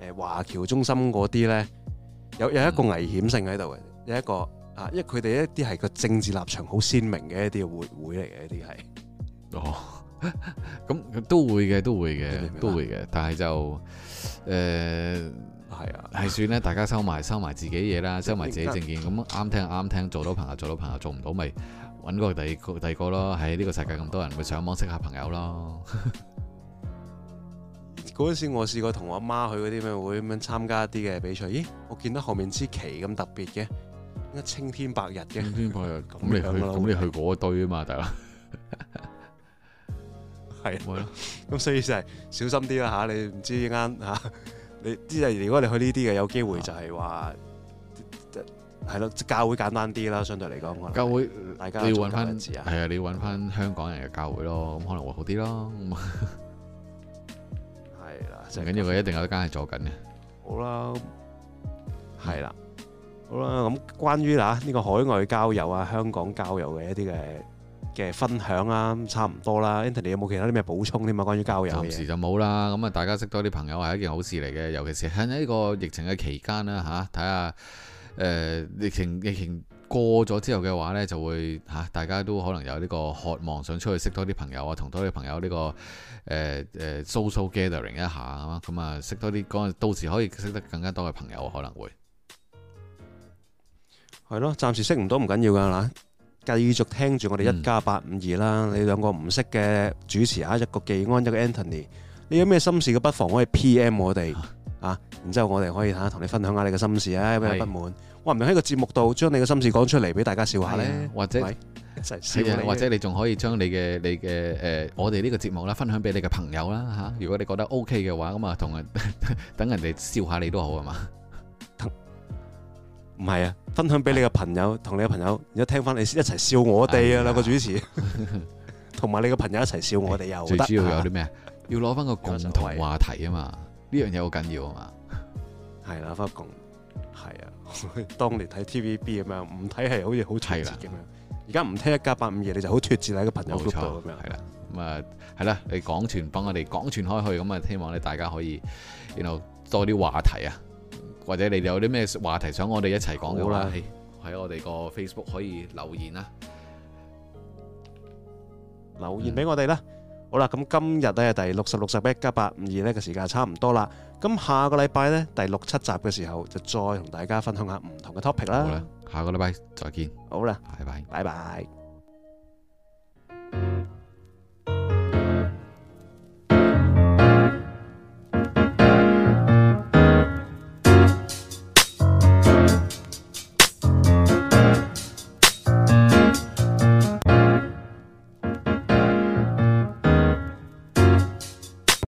誒華僑中心嗰啲咧，有有一個危險性喺度嘅，有一個。因為佢哋一啲係個政治立場好鮮明嘅一啲會會嚟嘅，一啲係哦，咁都會嘅，都會嘅，都會嘅，但係就誒係、呃、啊，係算咧，大家收埋收埋自己嘢啦，收埋自己證件咁啱聽啱聽，做到朋友做到朋友，做唔到咪搵個第二個第二個，個咯。喺呢個世界咁多人，咪上網識下朋友咯。嗰陣、嗯、 時我試過同我阿媽，媽去嗰啲咩會咁樣參加一啲嘅比賽，咦，我見到後面支旗咁特別嘅。青天白日嘅？青天白日咁你去咁你去嗰堆啊嘛，大佬係啊，咁所以就係小心啲啦吓，你唔知點解吓你知，係如果你去呢啲嘅，有機會就係話係咯，教會簡單啲啦，相對嚟講，教會大家你要揾翻係啊，你要揾翻香港人嘅教會咯，咁可能會好啲咯，係啦，就緊要佢一定有一間係做緊嘅，好啦，係啦。好啦，咁關於嚇呢個海外交友啊、香港交友嘅一啲嘅嘅分享啊，差唔多啦。Anthony 有冇其他啲咩補充添啊？關於交友嘅，暫時就冇啦。咁啊，大家識多啲朋友係一件好事嚟嘅，尤其是喺呢個疫情嘅期間啦嚇。睇下誒疫情疫情過咗之後嘅話呢，就會嚇、啊、大家都可能有呢個渴望想出去識多啲朋友，朋友、這個呃、啊，同多啲朋友呢個誒誒 social gathering 一下咁啊識多啲，嗰陣到時可以識得更加多嘅朋友可能會。係咯，暫時識唔到唔緊要噶啦，繼續聽住我哋一家八五二啦。你兩個唔識嘅主持下一個記安一個 Anthony，你有咩心事嘅不妨可以 PM 我哋啊，然之後我哋可以吓同你分享下你嘅心事啊，有咩不滿，我唔同喺個節目度將你嘅心事講出嚟俾大家笑下咧，或者係啊，或者你仲可以將你嘅你嘅誒，我哋呢個節目啦分享俾你嘅朋友啦吓，如果你覺得 OK 嘅話，咁啊同人等人哋笑下你都好啊嘛。唔係啊，分享俾你嘅朋友，同、啊、你嘅朋友，而家聽翻你一齊笑我哋啊！哎、兩個主持，同埋你嘅朋友一齊笑我哋又得。哎、最主要有啲咩？啊、要攞翻個共同話題啊嘛！呢、嗯、樣嘢好緊要啊嘛。係啦，翻共係啊。當年睇 TVB 咁樣，唔睇係好似好脫節嘅咩？而家唔聽一家八五二，你就好脫節啦！個朋友都錯咁樣係啦。咁啊，係啦，你廣傳幫我哋廣傳開去，咁啊，希望你大家可以然後多啲話題啊。或者你哋有啲咩話題想我哋一齊講嘅話，喺我哋個 Facebook 可以留言啦，留言俾我哋啦。好啦，咁今日呢係第六十六集一家八五二呢個時間差唔多啦。咁下個禮拜呢第六七集嘅時候就再同大家分享下唔同嘅 topic 啦。好啦，下個禮拜再見。好啦，拜拜，拜拜。